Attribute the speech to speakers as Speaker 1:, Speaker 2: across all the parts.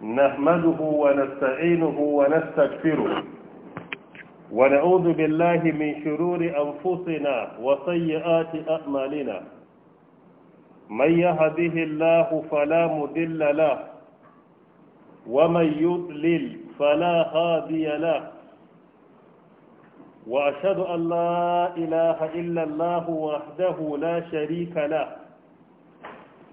Speaker 1: نحمده ونستعينه ونستغفره ونعوذ بالله من شرور أنفسنا وسيئات أعمالنا من يهده الله فلا مدل له ومن يضلل فلا هادي له وأشهد أن لا إله إلا الله وحده لا شريك له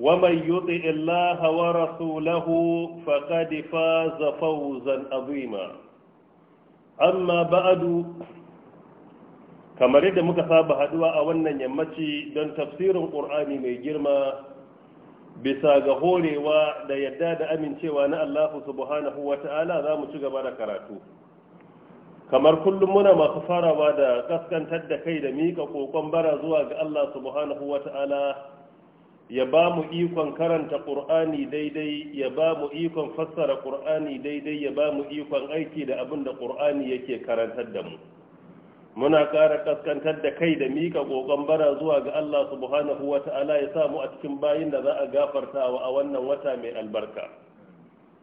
Speaker 1: ومن يطع الله ورسوله فقد فاز فوزا عظيما أما بعد kamar yadda muka saba haduwa a wannan yammaci don tafsirin ƙur'ani mai girma bisa ga horewa da yadda da amincewa na allahu subhanahu wa ta'ala za mu ci gaba da karatu kamar kullum muna masu farawa da kaskantar da kai da miƙa kokon bara zuwa ga allah subhanahu wa ta'ala ya ba mu ikon karanta ƙur'ani daidai ya ba mu ikon fassara ƙur'ani daidai ya ba mu ikon aiki da abin da ƙur'ani yake karantar da mu muna ƙara kaskantar da kai da mika ƙoƙon bara zuwa ga Allah subhanahu wa ta'ala ya samu a cikin bayin da za a gafartawa a wannan wata mai albarka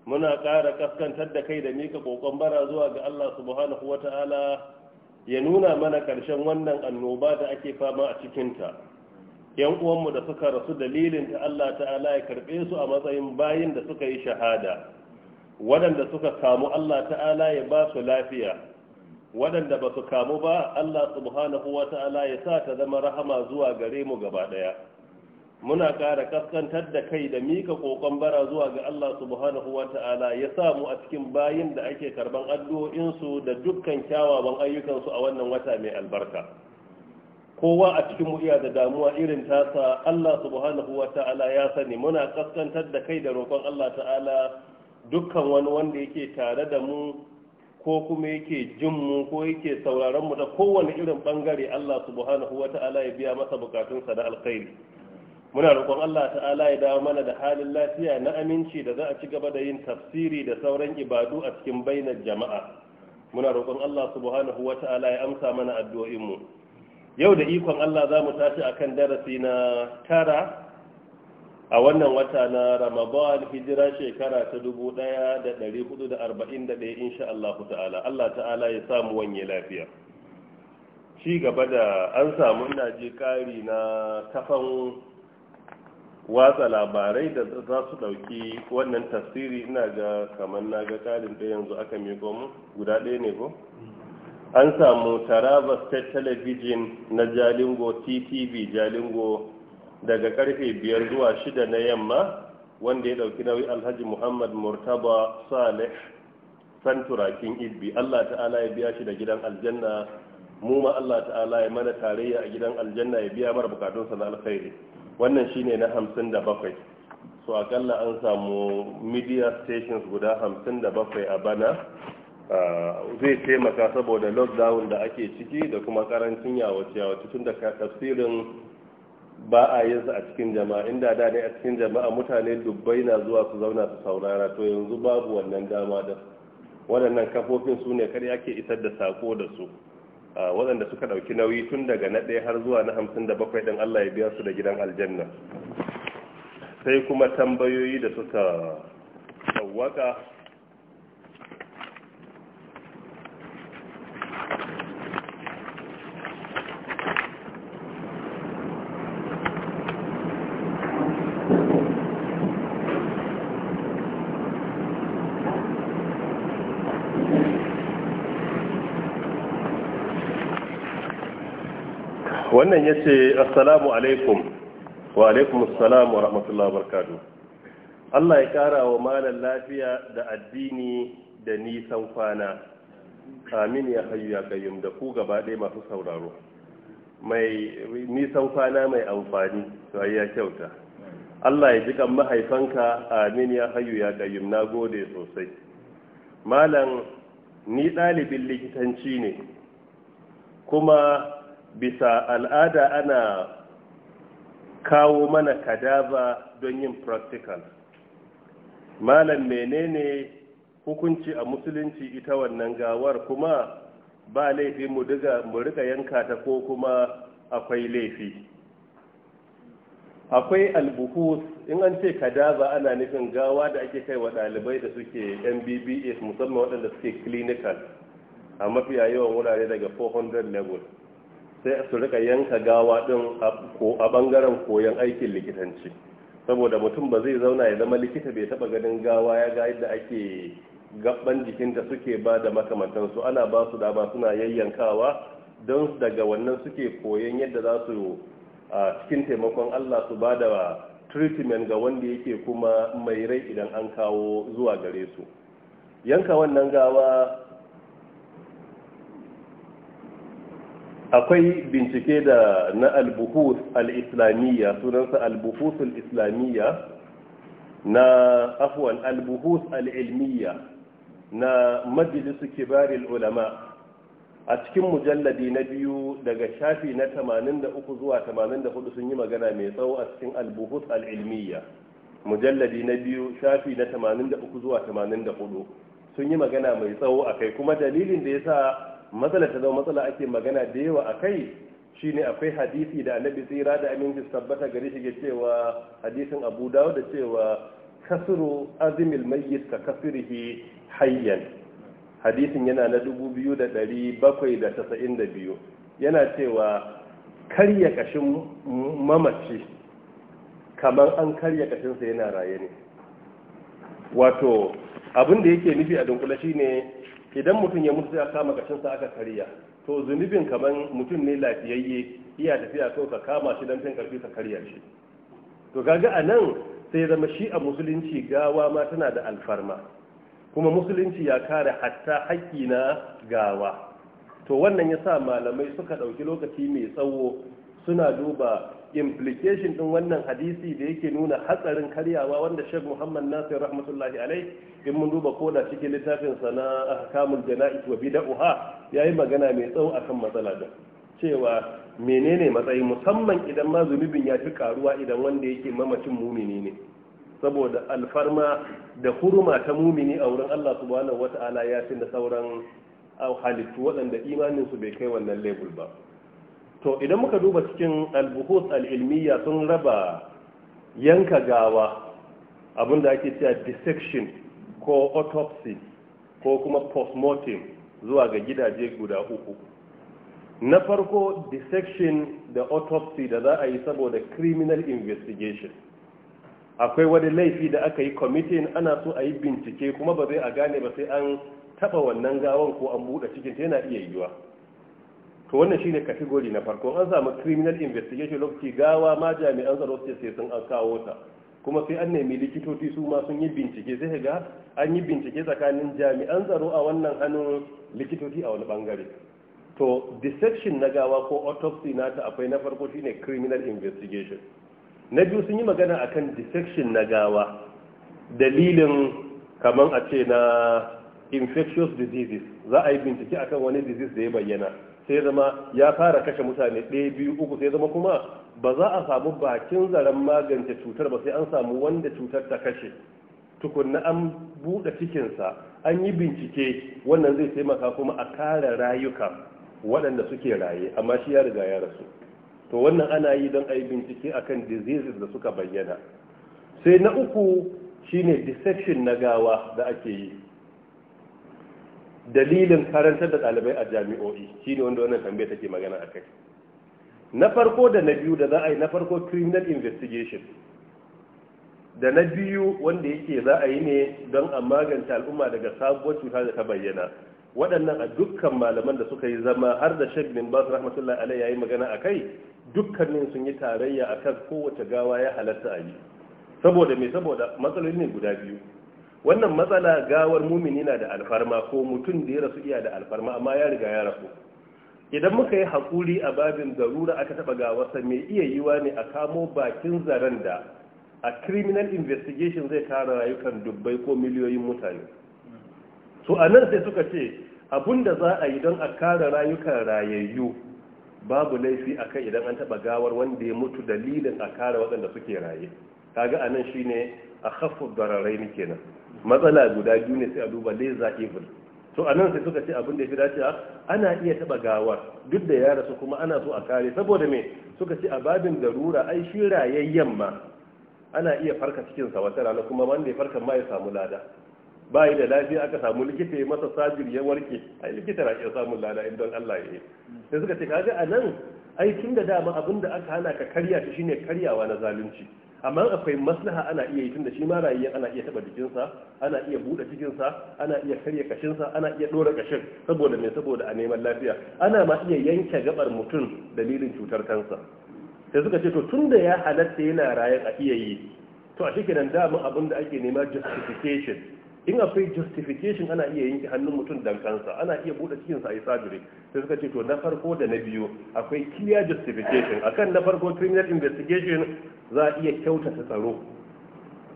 Speaker 1: muna ƙara kaskantar da kai da mika ƙoƙon bara zuwa ga Allah subhanahu wa ya nuna mana ƙarshen wannan annoba da ake fama a cikinta yan uwanmu da suka rasu dalilin ta Allah ta'ala ya karbe su a matsayin bayin da suka yi shahada waɗanda suka kamu Allah ta'ala ya ba su lafiya waɗanda ba su kamu ba Allah subhanahu wa ta'ala ya sa ta zama rahama zuwa gare mu gaba ɗaya muna ƙara kaskantar da kai da mika kokon bara zuwa ga Allah subhanahu wa ta'ala ya samu a cikin bayin da ake karban addu'o'insu da dukkan kyawawan ayyukansu a wannan wata mai albarka kowa a cikin mu iya da damuwa irin tasa Allah subhanahu wa ta'ala ya sani muna kaskantar da kai da roƙon Allah ta'ala dukkan wani wanda yake tare da mu ko kuma yake jin mu ko yake sauraron mu da kowane irin bangare Allah subhanahu wa ta'ala ya biya masa bukatunsa da alkhairi muna roƙon Allah ta'ala ya dawo mana da halin lafiya na aminci da za a ci gaba da yin tafsiri da sauran ibadu a cikin bainar jama'a muna roƙon Allah subhanahu wa ta'ala ya amsa mana addu'o'in mu yau da ikon Allah za mu tashi a kan darasi na tara a wannan wata na ramadan hijira shekara ta dubu da 1441 insha Allah ta'ala Allah ta'ala ya samu wanye lafiya ci gaba da an samu ina ji kari na kafan watsa labarai da za su dauki wannan tafsiri ina ga kamar na ga kalin ɗaya yanzu aka miko guda ɗaya ne ko? an samu taraba state television na jalingo ttv jalingo daga karfe 5 zuwa 6 na yamma wanda ya dauki nauyi alhaji muhammad murtaba san santurakin ibbi allah ta'ala ya biya shi da gidan aljanna mu ma allah ta'ala ya mana tarayya a gidan aljanna ya biya mara bukatunsa na alkhairi wannan shi ne na 57 so akalla an samu media stations guda 57 a bana zai taimaka saboda lockdown da ake ciki da kuma karancin yawace-yawace tun da tafsirin ba a yin su a cikin jama'a inda da ne a cikin jama'a mutane dubbai na zuwa su zauna su saurara to yanzu babu wannan dama da waɗannan kafofin su ne kare ake isar da sako da su waɗanda suka ɗauki nauyi tun daga na ɗaya har zuwa na hamsin da bakwai ɗin allah ya biya su da gidan aljanna sai kuma tambayoyi da suka tsawaka wannan ya ce assalamu alaikum
Speaker 2: wa alaikum assalamu wa
Speaker 1: rahmatullahi barkatu Allah ya kara wa malar lafiya da addini da nisan kwana amin ya hayu ya kayyum da ku gaba ɗaya masu sauraro mai nisan kwana mai amfani to ya kyauta Allah ya ji jikan mahaifanka amin ya hayu ya kayyum na gode sosai malam ni ɗalibin likitanci ne kuma bisa al'ada ana kawo mana kadaba don yin practical malam menene hukunci a musulunci ita wannan gawar kuma ba laifi mu diga mu rika yanka ta ko kuma akwai laifi akwai albuhus in an ce kadaba ana nufin gawa da ake kai wa dalibai da suke mbbs musamman waɗanda suke clinical a mafiya yawan wurare daga 400 level sai su rika yanka gawa ɗin a ɓangaren koyon aikin likitanci saboda mutum ba zai zauna ya zama likita bai taba ganin gawa ya ga yadda ake jikin jikinta suke ba da makamantansu ana ba su dama suna yayyankawa don daga wannan suke koyon yadda za su a cikin taimakon allah su ba da treatment ga wanda yake kuma mai rai idan an kawo zuwa gare su yanka wannan gawa akwai bincike da na albuhus al-islamiyya sunansa albuhus al-islamiyya na afwan albuhus al-ilmiyya na majalisu kibaril ulama a cikin mujalladi na biyu daga shafi na 83 zuwa 84 sun yi magana mai tsawo a cikin albuhus al'ilmiya mujalladi na biyu shafi na 83 zuwa 84 sun yi magana mai tsawo a kai kuma dalilin da ya sa matsala ta zama matsala ake magana da yawa a kai shine akwai hadisi da annabi tsira da aminci tabbata gare shi ke cewa hadisin abu dawo da cewa kasuru azimil mayyit ka kasirihi hayyan hadisin yana na 2792 yana cewa karya kashin mamaci kamar an karya kashinsa yana raye ne wato abin da yake nufi a dunkula shine idan mutum ya mutu sai a kama kashinsa aka karya to zunubin kamar mutum ne lafiyayye iya tafiya so ka kama shi don fin karfi ka karya shi to kaga a nan sai zama shi a musulunci gawa ma tana da alfarma kuma musulunci ya kare hatta haƙƙi na gawa to wannan ya sa malamai suka ɗauki lokaci mai tsawo suna duba implication ɗin wannan hadisi da yake nuna hatsarin karyawa wanda shek muhammad nasir rahmatullahi alai in mun duba ko na cikin littafinsa na ahkamul jana'is wa ya yi magana mai tsawo akan matsala din cewa menene matsayi musamman idan ma zunubin ya fi karuwa idan wanda yake mamacin mumini ne saboda alfarma da hurma ta mumini a wurin Allah subhanahu wata'ala ya fi da sauran halittu waɗanda imanin su bai kai wannan label ba to idan muka duba cikin albuhus al'ilmiya sun raba yanka gawa abinda ake cewa dissection ko autopsy ko kuma postmortem zuwa ga gidaje guda uku na farko dissection da autopsy da za a yi saboda criminal investigation akwai wani laifi da aka yi kwamitin ana so a yi bincike kuma ba zai a gane ba sai an taba wannan gawon ko an buɗe cikin ta yana iya yiwa to wannan shine kategori na farko an samu criminal investigation lokaci gawa ma jami'an tsaro suke sai sun an kawo ta kuma sai an nemi likitoci su ma sun yi bincike sai ga an yi bincike tsakanin jami'an tsaro a wannan hannun likitoci a wani bangare to deception na gawa ko autopsy nata akwai na farko shine criminal investigation na biyu sun yi magana akan dissection na gawa dalilin kamar a ce na infectious diseases za a yi bincike akan wani disease da ya bayyana sai zama ya fara kashe mutane ɗaya biyu uku sai zama kuma ba za a samu bakin zaren magance cutar ba sai an samu wanda cutar ta kashe tukunna an buɗe cikinsa an yi bincike wannan zai taimaka kuma a kare rayuka waɗanda suke raye amma shi ya riga ya rasu to wannan ana yi don a yi bincike akan diseases da suka bayyana sai na uku shine deception na gawa da ake yi dalilin karantar da ɗalibai a jami'o'i shine wanda wannan tambaya take magana a kai na farko da na biyu da za a yi na farko criminal investigation da na biyu wanda yake za a yi ne don a magance al'umma daga sabuwar cuta da ta bayyana waɗannan a dukkan malaman da suka yi zama har da shek bin basu rahmatullahi ya yi magana a kai dukkanin sun yi tarayya a kan kowace gawa ya halatta a yi saboda me saboda matsaloli ne guda biyu wannan matsala gawar mumini na da alfarma ko mutum da ya rasu iya da alfarma amma ya riga ya rasu idan muka yi haƙuri a babin zarura aka taɓa gawarsa mai iya yiwa ne a kamo bakin zaren da a criminal investigation zai kara rayukan dubbai ko miliyoyin mutane so a nan sai suka ce da za a yi don a kara rayukan rayayyu babu laifi a kai idan an taba gawar wanda ya mutu dalilin a kare waɗanda suke raye kaga anan ne a khaffu dararai ne kenan matsala guda biyu ne sai a duba leza evil to nan sai suka ce abin da ya fi dacewa ana iya taba gawar duk da ya rasu kuma ana so a kare saboda me suka ce a babin darura ai shi rayayyen ma ana iya farka cikinsa wata rana kuma wanda ya farka ma ya samu lada bayi da lafiya aka samu likita ya masa sajir ya warke ai likita na iya samun lada in Allah ya yi sai suka ce kaga a nan ai da dama abin da aka hana ka karya shi shine karyawa na zalunci amma akwai maslaha ana iya yi tun da shi ma rayuwa ana iya taba jikinsa ana iya buɗe cikinsa ana iya karya kashinsa ana iya ɗora kashin saboda mai saboda a neman lafiya ana ma iya yanke gabar mutum dalilin cutar kansa sai suka ce to tun da ya halatta yana rayu a iya yi to a shi kenan dama abin da ake nema justification in akwai justification ana iya yanke hannun mutum dan kansa ana iya bude cikin sa a yi surgery sai suka ce to na farko da na biyu akwai clear justification akan na farko criminal investigation za a iya kyautata tsaro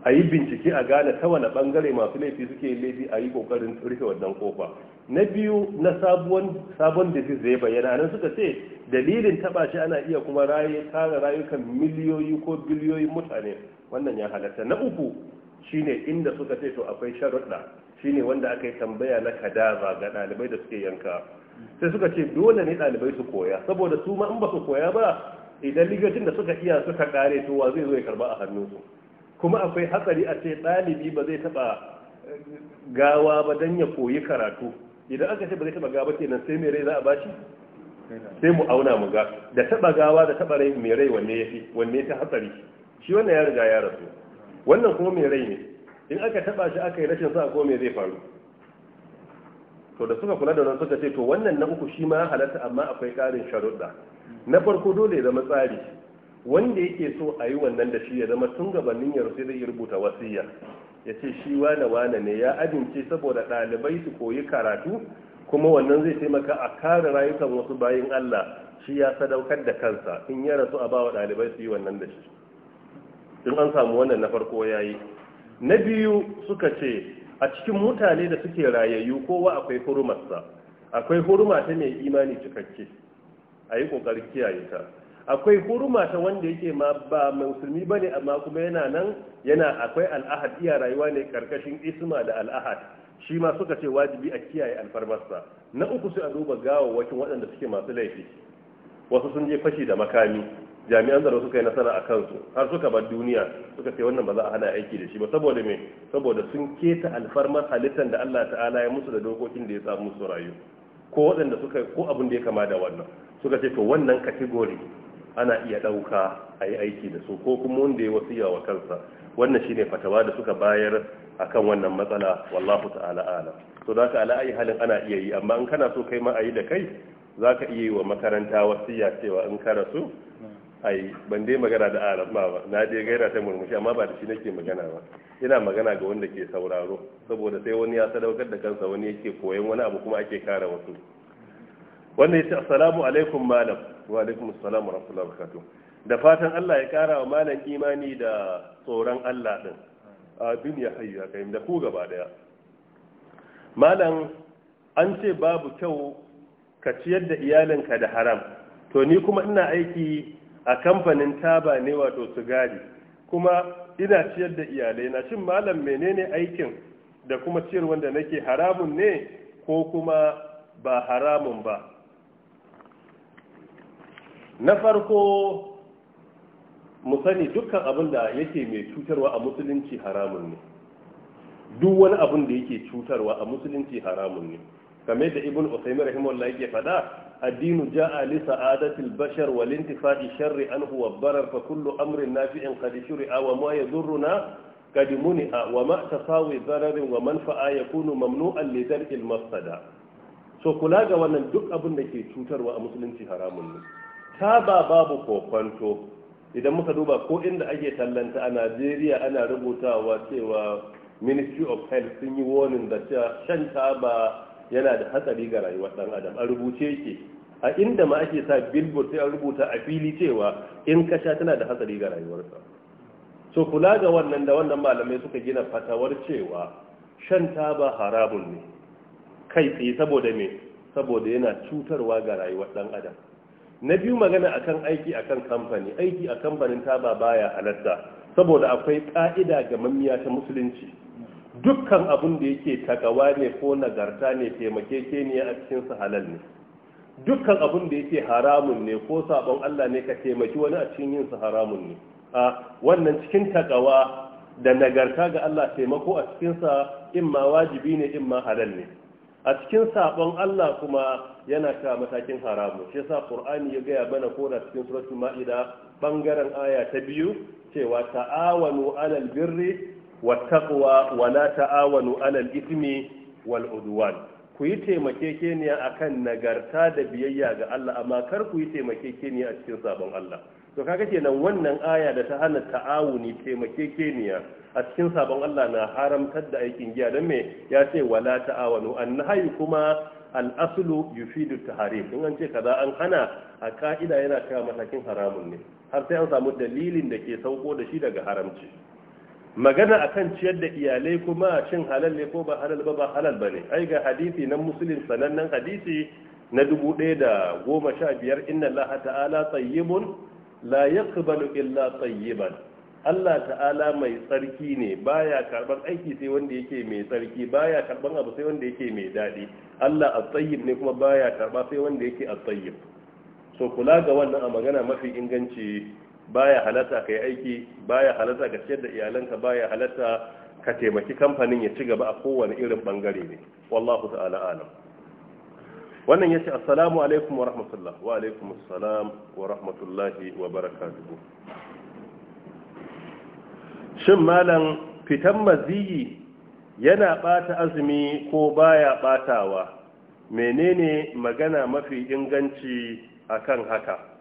Speaker 1: a yi bincike a gane ta wani bangare masu laifi suke laifi a yi kokarin rufe wannan kofa na biyu na sabon sabon zai ya bayyana nan suka ce dalilin taba shi ana iya kuma raye tara rayukan miliyoyi ko biliyoyin mutane wannan ya halatta na uku shine inda suka ce to akwai sharuɗa shine wanda aka yi tambaya na kadaza ga ɗalibai da suke yanka sai suka ce dole ne ɗalibai su koya saboda su ma in ba su koya ba idan ligocin da suka iya suka kare to wa zai zo ya karba a hannunsu kuma akwai hatsari a ce ɗalibi ba zai taɓa eh, gawa ba don ya koyi karatu idan aka ce ba zai taɓa gawa kenan sai mai rai za a bashi sai mu auna mu ga da taɓa gawa da taɓa rai mai rai wanne ya fi wanne ya hatsari shi wannan ya riga ya rasu wannan kuma mai rai ne in aka taba shi aka yi rashin sa ko mai zai faru to da suka kula da wannan suka ce to wannan na uku shi ma halatta amma akwai karin sharuɗa na farko dole zama tsari wanda yake so a yi wannan da shi ya zama tun gabanin ya sai zai rubuta wasiya ya ce shi wane wane ne ya amince saboda ɗalibai su koyi karatu kuma wannan zai taimaka a kare rayukan wasu bayan Allah shi ya sadaukar da kansa in ya rasu a bawa ɗalibai su yi wannan da shi sun an samu wannan na farko yayi na biyu suka ce a cikin mutane da suke rayayyu kowa akwai hurumarsa akwai huruma ta mai imani cikakke a yi ƙoƙarin kiyaye ta akwai huruma ta wanda yake ma ba musulmi ba ne amma kuma yana nan yana akwai al'ahad iya rayuwa ne karkashin isma da al'ahad shi ma suka ce wajibi a kiyaye alfarmarsa na uku sai a duba gawawwakin waɗanda suke masu laifi wasu sun je fashi da makami jami'an tsaro suka yi nasara a kansu har suka bar duniya suka ce wannan ba za a hana aiki da shi ba saboda me saboda sun keta alfarmar halittar da Allah ta'ala ya musu da dokokin da ya samu su rayu ko waɗanda suka ko abin da ya kama da wannan suka ce to wannan kategori ana iya ɗauka a yi aiki da su ko kuma wanda ya wasiya wa kansa wannan shine fatawa da suka bayar a kan wannan matsala wallahu ta'ala alam to da ka ala ayi halin ana iya yi amma in kana so kai ma a yi da kai za ka iya yi wa makaranta wasiya cewa in ka rasu ai ban dai magana da arabma ba na dai gaira ta murmushi amma ba da shi nake magana ba ina magana ga wanda ke sauraro saboda sai wani ya sadaukar da kansa wani yake koyon wani abu kuma ake kara wasu wannan yace assalamu alaikum malam wa alaikum assalam wa rahmatullahi wa barakatuh da fatan Allah ya kara wa malam imani da tsoron Allah din a duniya hayya kai da ku gaba daya malam an ce babu kyau ka ciyar da iyalinka da haram to ni kuma ina aiki a kamfanin taba ne wato sigari kuma ina ciyar da iyalai na shin malam menene aikin da kuma ciyar wanda nake haramun ne ko kuma ba haramun ba na farko mu sani dukkan abin da yake mai cutarwa a musulunci haramun ne duk wani abin da yake cutarwa a musulunci haramun ne kamar da ibn usaymi rahimahullah yake fada الدين جاء لسعادة البشر والانتفاع الشر عنه والضرر فكل أمر نافع قد شرع وما يضرنا قد منع وما تساوي ضرر ومنفعة يكون ممنوعا لدرء المفسدة so kula ga wannan duk abin da ke cutarwa a musulunci haramun ne ta ba babu kokwanto idan muka duba ko inda ake tallanta a najeriya ana rubutawa cewa ministry of health sun yi warning da shan taba yana da hatsari ga rayuwar dan adam a rubuce ke a inda ma ake sa billboard sai an rubuta a fili cewa in kasha tana da hatsari ga rayuwarsa so kula ga wannan da wannan malamai suka gina fatawar cewa shan taba haramun ne kai tsaye saboda me saboda yana cutarwa ga rayuwar dan adam na biyu magana akan aiki akan kamfani aiki a kamfanin taba baya halatta saboda akwai ka'ida ga mamiya ta musulunci dukkan abin da yake takawa ne ko nagarta ne taimakekeniya a cikin halal ne dukkan abin da yake haramun ne ko sabon Allah ne ka taimaki wani a cikin yin haramun ne a wannan cikin takawa da nagarta ga Allah taimako a cikinsa in imma wajibi ne imma halal ne a cikin sabon Allah kuma yana ka matakin haramu shi yasa Qur'ani ya gaya mana ko da cikin suratul Ma'ida bangaren aya ta biyu cewa ta'awanu alal birri wattaqwa wa la ta'awanu alal ithmi wal udwan ku yi taimakekeniya kan nagarta da biyayya ga Allah amma kar ku yi taimakekeniya a cikin sabon Allah to kaga kenan wannan aya da ta hana ta'awuni taimakekeniya a cikin sabon Allah na haramtar da aikin giya don me ya ce wala ta'awanu annahi kuma al-aslu yufidu taharim in an ce kaza an hana a ka'ida yana cewa matakin haramun ne har sai an samu dalilin da ke sauko da shi daga haramci magana akan ciyar da iyalai kuma cin halal ne ko ba halal ba ba halal ba ne ai ga hadisi na musulun sanannen hadisi na dubu da goma sha biyar inna Allah ta'ala tsayyibun la yaqbalu illa tayyiban Allah ta'ala mai tsarki ne baya karban aiki sai wanda yake mai tsarki baya karban abu sai wanda yake mai daɗi Allah at-tayyib ne kuma baya karba sai wanda yake at-tayyib so kula ga wannan a magana mafi inganci baya halatta ka yi aiki baya halatta ka ciyar da iyalanka baya halatta ka taimaki kamfanin ya ci gaba a kowane irin bangare ne wallahu ta'ala alam wannan yace assalamu alaikum wa rahmatullah wa alaikum assalam wa rahmatullahi wa barakatuh shin malam fitan maziyi yana bata azumi ko baya batawa menene magana mafi inganci akan haka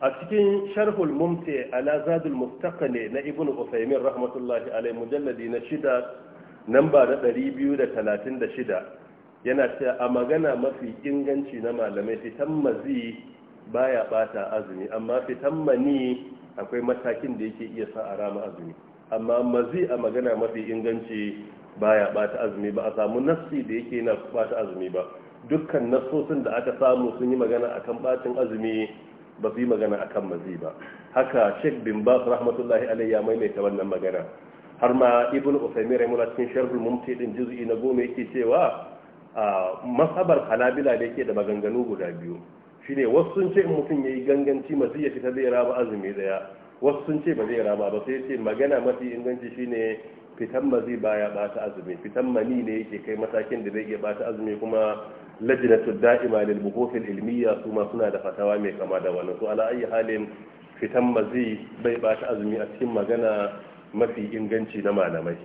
Speaker 1: a cikin sharhul mumti ala zadul mustaqani na ibnu usaymin rahmatullahi alaihi mujalladi na shida namba na 236 yana cewa a magana mafi inganci na malamai fitan mazi baya bata azumi amma fitan mani akwai matakin da yake iya sa a rama azumi amma mazi a magana mafi inganci baya bata azumi ba a samu nassi da yake yana bata azumi ba dukkan nassosin da aka samu sun yi magana akan batin azumi ba su yi magana akan mazi ba haka sheikh bin bas rahmatullahi alayya ya maimaita wannan magana har ma ibnu usaymi rahimahullah cikin sharhul mumti din juz'i na goma yake cewa masabar halabila da yake da maganganu guda biyu shine wasu sun ce in mutum yayi ganganci mazi ya fita zai raba azumi daya wasu sun ce ba zai raba ba sai ce magana mafi inganci shine fitan mazi baya bata azumi fitan mani ne yake kai matakin da zai iya bata azumi kuma lajinatul da'ima lil buhuthil ilmiya su ma suna da fatawa mai kama da wannan su ala ayi halin fitan mazi bai ba azumi a cikin magana mafi inganci na malamai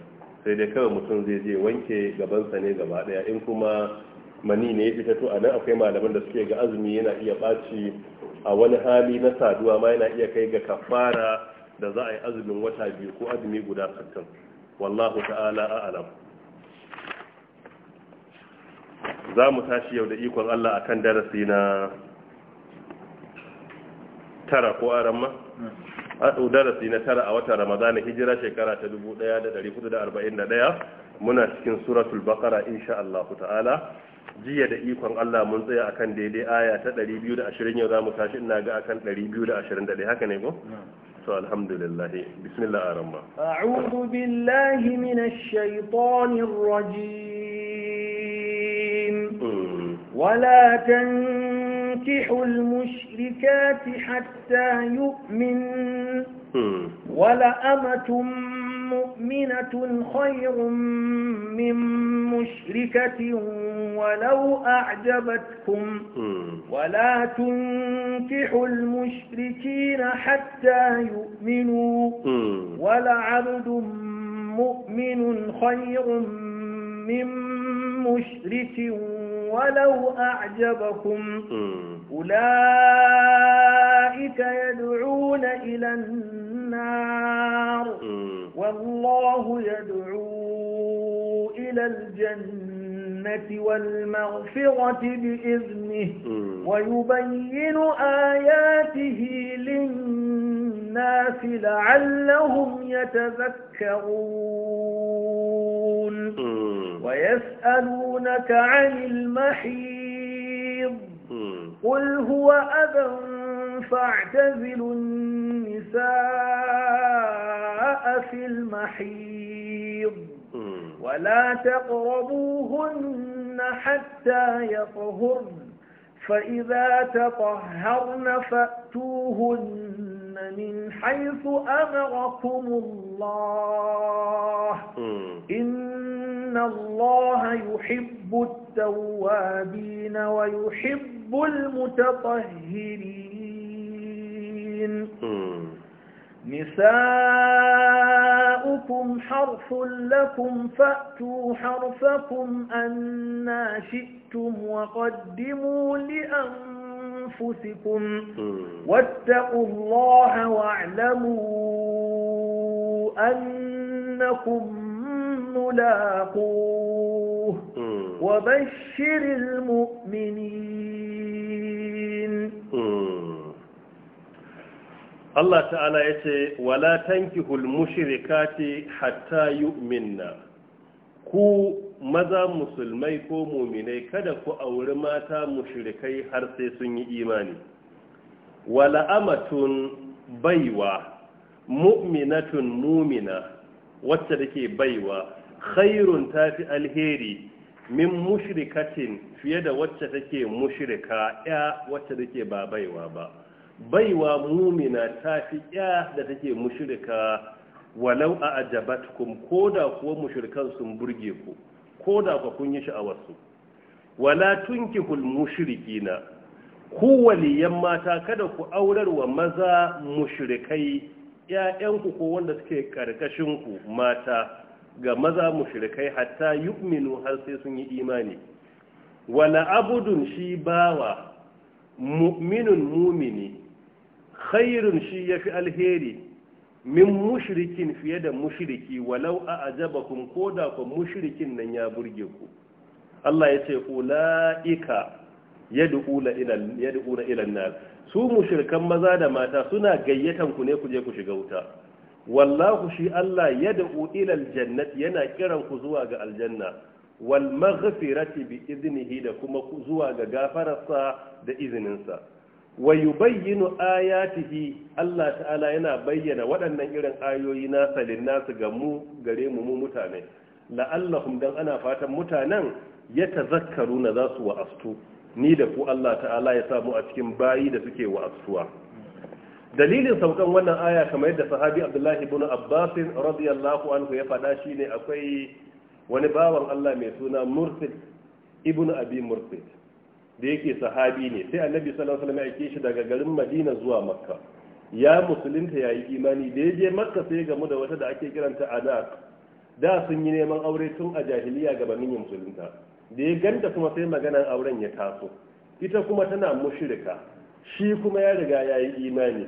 Speaker 1: sai dai kawai mutum zai je wanke gabansa ne gaba daya in kuma mani ne ya fita to a nan akwai malaman da suke ga azumi yana iya ɓaci a wani hali na saduwa ma yana iya kai ga kafara da za a yi azumin wata biyu ko azumi guda sattin wallahu ta'ala a'alam za mu tashi yau da ikon Allah a kan darasi na tara ko aran ma hmm. darasi na tara a watan ramadana hijira shekara ta 1441 muna cikin suratul baqara insha Allah ta'ala jiya da ikon Allah mun tsaya akan daidai aya ta 220 yau za mu tashi ina ga akan 221 haka ne ko hmm. to alhamdulillah bismillah arama
Speaker 2: a'udhu billahi minash shaitanir rajim ولا تنكحوا المشركات حتى يؤمن ولأمة مؤمنة خير من مشركة ولو أعجبتكم ولا تنكحوا المشركين حتى يؤمنوا ولعبد مؤمن خير من من مشرك ولو أعجبكم أولئك يدعون إلى النار والله يدعو إلى الجنة والمغفرة بإذنه ويبين آياته للناس الناس لعلهم يتذكرون ويسألونك عن المحيض قل هو أذى فاعتزلوا النساء في المحيض ولا تقربوهن حتى يطهرن فإذا تطهرن فأتوهن من حيث أمركم الله إن الله يحب التوابين ويحب المتطهرين نساؤكم حرف لكم فأتوا حرفكم أنا شئتم وقدموا لأنفسكم أنفسكم واتقوا الله واعلموا أنكم ملاقوه وبشر المؤمنين
Speaker 1: الله تعالى يتي ولا تنكه المشركات حتى يؤمننا ku maza musulmai ko muminai kada ku auri mata mushrikai har sai sun yi imani wala amatun baiwa mu'minatun mumina wacce take baiwa khairun tafi alheri min mushrikatin fiye da wacce take mushrika ya wacce take ba baiwa ba baiwa mumina tafi ya da take mushrika walau a ko koda kuwa mushrikan sun burge ku koda ku kun yi sha'awarsu wala tunkihul mushrikina ku waliyan mata kada ku aurar wa maza mushrikai ƴaƴanku ko wanda suke ƙarƙashin ku mata ga maza mushrikai hatta yu'minu har sai sun yi imani wala abudun shi bawa mu'minun mumini khairun shi yafi alheri min mushrikin fiye da mushriki walau a kun ko da ku mushrikin nan ya burge ku Allah ya ce ula'ika yad'una ila su mushrikan maza da mata suna gayyatan ku ne ku je ku shiga wuta wallahu shi Allah yad'u ilal aljannati yana kiran ku zuwa ga aljanna wal maghfirati bi idnihi da kuma zuwa ga gafararsa da izininsa wa yubayyinu ayatihi Allah ta'ala yana bayyana waɗannan irin ayoyi nasa nasu ga mu gare mu mu mutane la'allahum dan ana fatan mutanen ya na za su wa'astu ni da ku Allah ta'ala ya samu a cikin bayi da suke wa'astuwa dalilin saukan wannan aya kamar yadda sahabi Abdullahi ibn Abbas radiyallahu anhu ya faɗa shine akwai wani bawan Allah mai suna Mursid ibn Abi Mursid da yake sahabi ne sai annabi sallallahu alaihi wasallam ya aike shi daga garin madina zuwa makka ya musulunta ya yi imani da ya je makka sai gamu da wata da ake kiranta anak da sun yi neman aure tun a jahiliya ga ya musulunta da ya ganta kuma sai maganar auren ya taso ita kuma tana mushrika shi kuma ya riga ya yi imani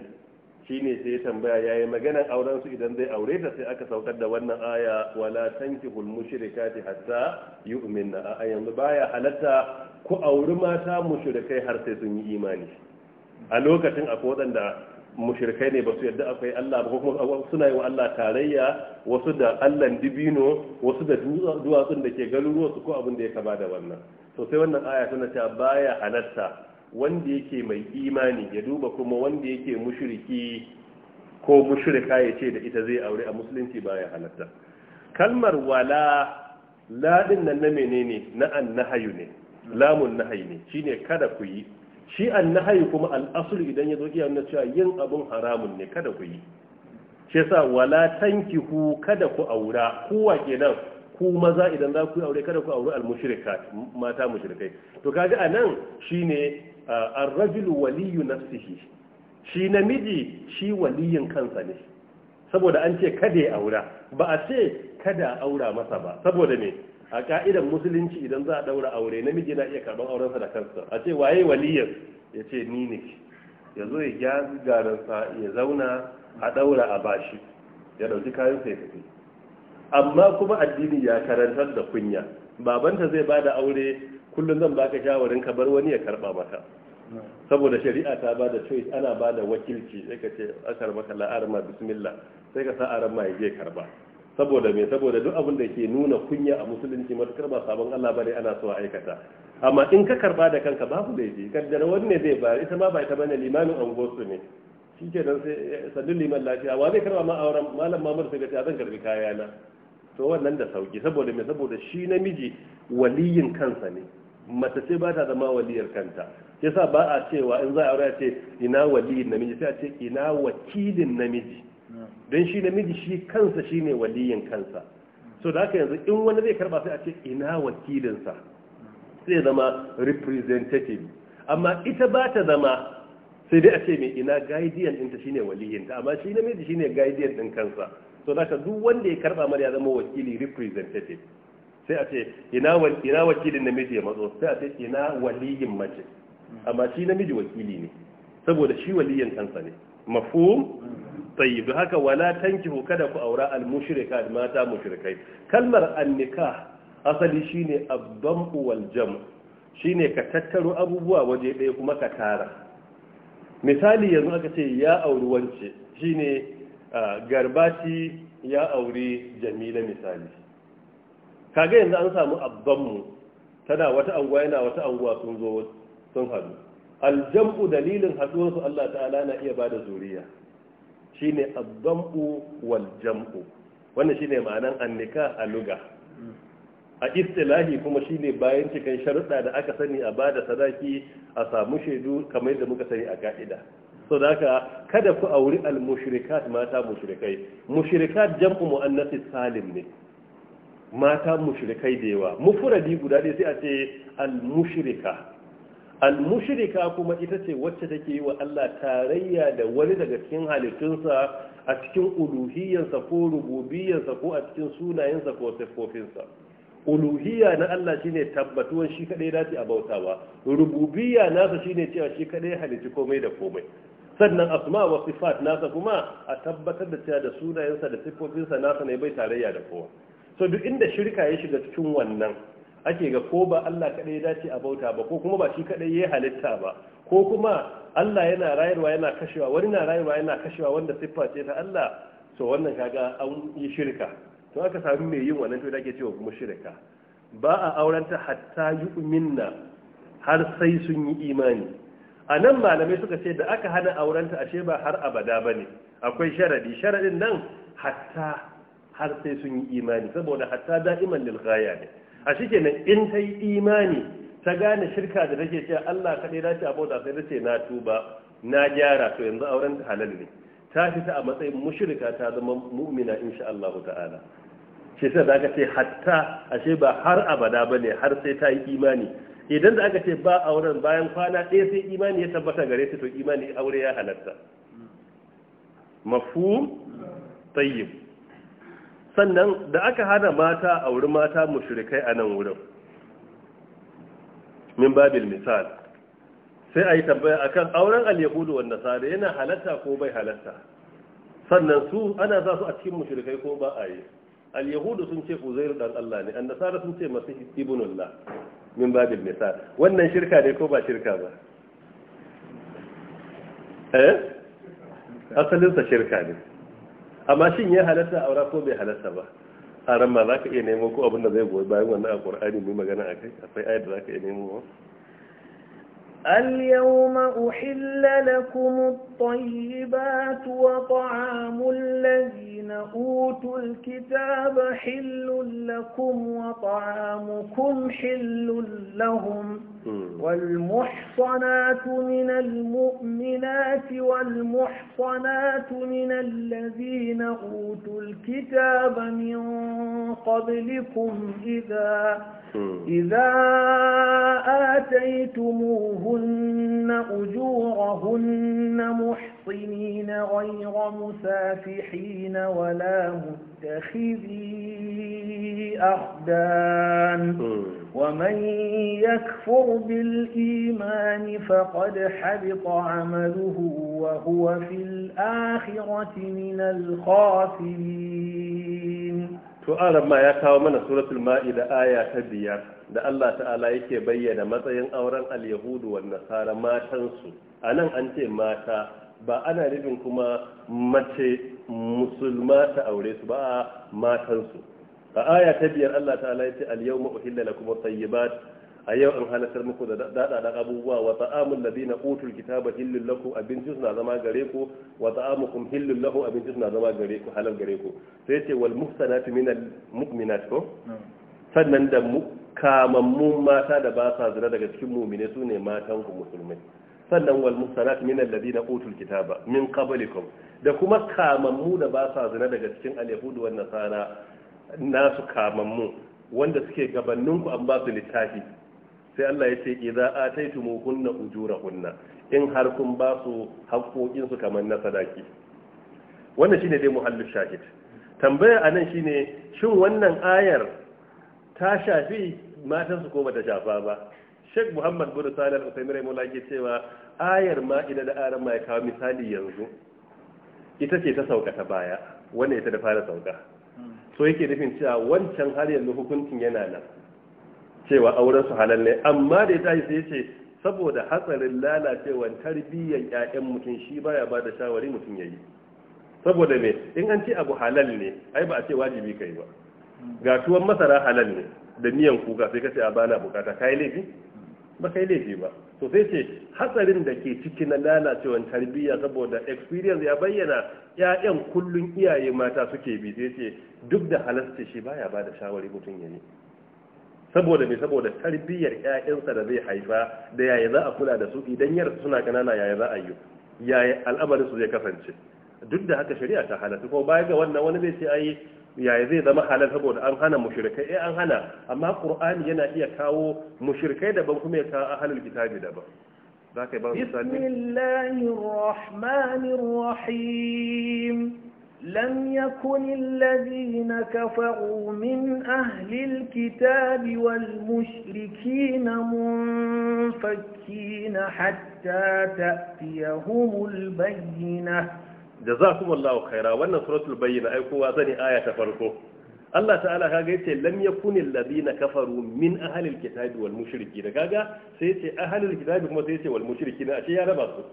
Speaker 1: shi ne sai ya tambaya ya yi maganar auren su idan zai aure ta sai aka saukar da wannan aya wala tankihul mushrikati hatta yu'minna a yanzu baya halatta ku auri mata mushrikai har sai sun yi imani a lokacin akwai waɗanda mushrikai ne ba su yadda akwai Allah ba kuma suna yi wa Allah tarayya wasu da Allahn dibino wasu da duwatsun da ke galuruwa su ko abin da ya kama da wannan to sai wannan aya tana cewa baya halatta wanda yake mai imani ya duba kuma wanda yake mushriki ko mushrika ya ce da ita zai aure a musulunci baya halatta kalmar wala ladin nan na menene na nahayu ne lamun nahai ne shine kada ku yi shi an nahai kuma al'asul idan ya zo iya na cewa yin abun haramun ne kada ku yi shi yasa wala tankihu kada ku aura kowa kenan ku maza idan za ku yi aure kada ku aure al mata mushrikai to kaga anan shine uh, ar rajul waliyyu nafsihi shi namiji shi waliyin kansa ne saboda an ce kada ya aura ba a ce kada aura masa ba saboda me a ka'idan musulunci idan za a daura aure namiji na iya karɓar aurensa da kansa a ce waye waliyar ya ce ni ne ya zo ya gyazi garansa ya zauna a ɗaura a bashi ya dauki kayan sai tafi amma kuma addini ya karantar da kunya babanta zai ba da aure kullum zan baka shawarin ka bar wani ya karɓa maka saboda shari'a ta ba da choice ana bada wakilci sai ka ce a maka la'ar ma bismillah sai ka sa aran ma ya je karɓa. saboda me saboda duk abin da ke nuna kunya a musulunci matukar ba sabon Allah bane ana so a aikata amma in ka karba da kanka babu laifi kaddara wani ne zai bayar ita ma ba ita bane limamin angosu ne shi ke nan sai eh, liman lafiya wa zai karba ma auren malam mamar sai a zan karbi kaya na to wannan da sauki saboda me saboda shi namiji waliyin kansa ne mace ce ba ta zama waliyar kanta yasa ba a cewa in za a aure ce ina waliyin namiji sai a ce ina wakilin namiji don shi namiji shi kansa shi ne waliyin kansa so da aka yanzu in wani zai karba sai a ce ina wakilinsa sai zama representative amma ita ba ta zama sai dai a ce mai ina guardian ɗinta ne waliyinta amma shi namiji shi ne guardian ɗin kansa so da aka duk wanda ya karba mara ya zama wakili representative sai a ce ina wakilin namiji ya matso sai a ce ina waliyin mace amma shi namiji wakili ne saboda shi waliyin kansa ne mafhum tayyib haka wala tankihu kada ku aura al mushrika mata mushrikai kalmar nikah asali shine abban wal jam shine ka tattaro abubuwa waje ɗaya kuma ka tara misali yanzu aka ce ya auri wance shine garbati ya auri jamila misali kaga yanzu an samu abbanmu tana wata anguwa yana wata anguwa sun zo sun hadu aljam'u dalilin haɗuwarsu Allah ta'ala na iya bada zuriya shine ne wal jam'u wannan shine ma'anan annika a luga a istilahi kuma shine bayan cikin sharuɗa da aka sani a bada sadaki a samu shaidu kamar yadda muka sani a ka'ida so da haka kada ku auri al-mushrikat mata mushrikai mushrikat jam'u mu'annasi salim ne mata mushrikai da yawa mufradi guda dai sai a ce al-mushrika Almushirika kuma ita ce wacce take yi wa Allah tarayya da wani daga cikin halittunsa a cikin uluhiyyarsa ko rububiyyarsa ko a cikin sunayensa ko siffofinsa uluhiyya na Allah shine tabbatuwan shi kadai dace a bautawa rububiyya nasa shine cewa shi kadai halitta komai da komai sannan asma wa sifat nasa kuma a tabbatar da cewa da sunayensa da siffofinsa nasa ne bai tarayya da kowa so duk inda shirka ya shiga cikin wannan ake ga ko ba Allah kaɗai ya dace a bauta ba ko kuma ba shi kaɗai ya halitta ba ko kuma Allah yana rayarwa yana kashewa wani na rayarwa yana kashewa wanda siffa ce ta Allah to wannan kaga an yi shirka to aka sami mai yin wannan to da ake cewa kuma shirka ba a auranta hatta yu'minna har sai sun yi imani a nan malamai suka ce da aka hana aurenta ashe ba har abada bane akwai sharadi sharadin nan hatta har sai sun yi imani saboda hatta da'iman lil ne a shi nan in ta yi imani ta gane shirka da take cewa Allah kaɗai za ta abota sai ta na tuba na gyara to yanzu auren ta halal ne ta fita a matsayin mushrika ta zama mu'mina insha Allah ta'ala shi sai da aka ce hatta ashe ba har abada ba ne har sai ta yi imani idan da aka ce ba auren bayan kwana ɗaya sai imani ya tabbata gare ta to imani aure ya halatta mafhum tayyib sannan da aka hana mata a wuri mata mushrikai a nan wurin min babil misal sai a yi tambaya kan auren al wanda sada yana halatta ko bai halatta sannan su ana za su a cikin mushrikai ko ba a yi al sun ce kuzai dan Allah ne nasara sun ce masu ibnullah min babil misal wannan shirka ne ko ba shirka ba eh asalinsa shirka ne amma shin ya halatta aura ko bai halatta ba a ran ma za ka iya nemo ko abin da zai goyi bayan wannan a ƙwar'ani mai magana a kai akwai ayat da za ka iya nemo
Speaker 2: اليوم أحل لكم الطيبات وطعام الذين أوتوا الكتاب حل لكم وطعامكم حل لهم والمحصنات من المؤمنات والمحصنات من الذين أوتوا الكتاب من قبلكم إذا إذا آتيتموهن أجورهن محصنين غير مسافحين ولا متخذي أخدان ومن يكفر بالإيمان فقد حبط عمله وهو في الآخرة من الخاسرين
Speaker 1: to an ma ya kawo mana suratul ma'ida aya ta biyar da Allah ta'ala yake bayyana matsayin auren al-yahudu wan nasara matansu anan an ce mata ba ana nufin kuma mace musulma ta aure su ba matansu a aya ta biyar Allah ta'ala yace al-yawma uhilla lakum at-tayyibat a yau an halartar muku da daɗaɗa abubuwa wa ta'amul ladina utul kitaba hillul lahu abincin na zama gare ku wa ta'amukum hillul lahu abincin na zama gare ku halal gare ku sai ce wal muhsanatu minal mu'minat ko sannan da kamammun mata da ba sa zina daga cikin mu'mine su ne matan ku musulmai sannan wal muhsanat minal ladina utul kitaba min qablikum da kuma kamammu da ba sa zina daga cikin alyahudu wan nasara nasu kamammu wanda suke gabaninku an ba su littafi sai Allah ya ce idza ataytumuhunna ujurahunna in har kun ba su haƙoƙin su kamar na sadaki wannan shine dai muhallu shahid tambaya anan shine shin wannan ayar ta shafi matan su ko bata shafa ba Sheikh Muhammad bin Salih Al-Uthaymeen rahimahullah ke cewa ayar ma ma'ida da aran mai kawo misali yanzu ita ce ta sauka ta baya wannan ita da fara sauka so yake nufin cewa wancan har yanzu hukuncin yana nan cewa auren su halal ne amma da ya tashi sai ce saboda hatsarin lalacewar tarbiyyar ƴaƴan mutum shi baya ba da shawari mutum yayi saboda me in an ce abu halal ne ai ba a ce wajibi kai ba ga tuwon masara halal ne da miyan kuka sai ka ce a bana bukata kai laifi ba kai laifi ba to sai ce hatsarin da ke ciki na lalacewar tarbiyya saboda experience ya bayyana ƴaƴan kullun iyaye mata suke bi sai ce duk da halasta shi baya ba da shawari mutum yayi saboda mai saboda tarbiyyar ƴaƴansa da zai haifa da yaya za a kula da su idan yar suna kanana yaya za a yi yaya al'amarin su zai kasance duk da haka shari'a ta halatta ko baya ga wannan wani zai ce ai yaya zai zama halal saboda an hana mushrikai eh an hana amma qur'ani yana iya kawo mushrikai daban kuma ya kawo ahlul kitabi daban zaka ba misali
Speaker 2: bismillahir rahmanir rahim لم يكن الذين كفروا من أهل الكتاب والمشركين منفكين حتى تأتيهم البينة
Speaker 1: جزاكم الله خيرا وانا سورة البينة ايكو واضني آية فرقو الله تعالى قالت لم يكن الذين كفروا من أهل الكتاب والمشركين قالت سيتي أهل الكتاب هم سيتي والمشركين أشياء لبطل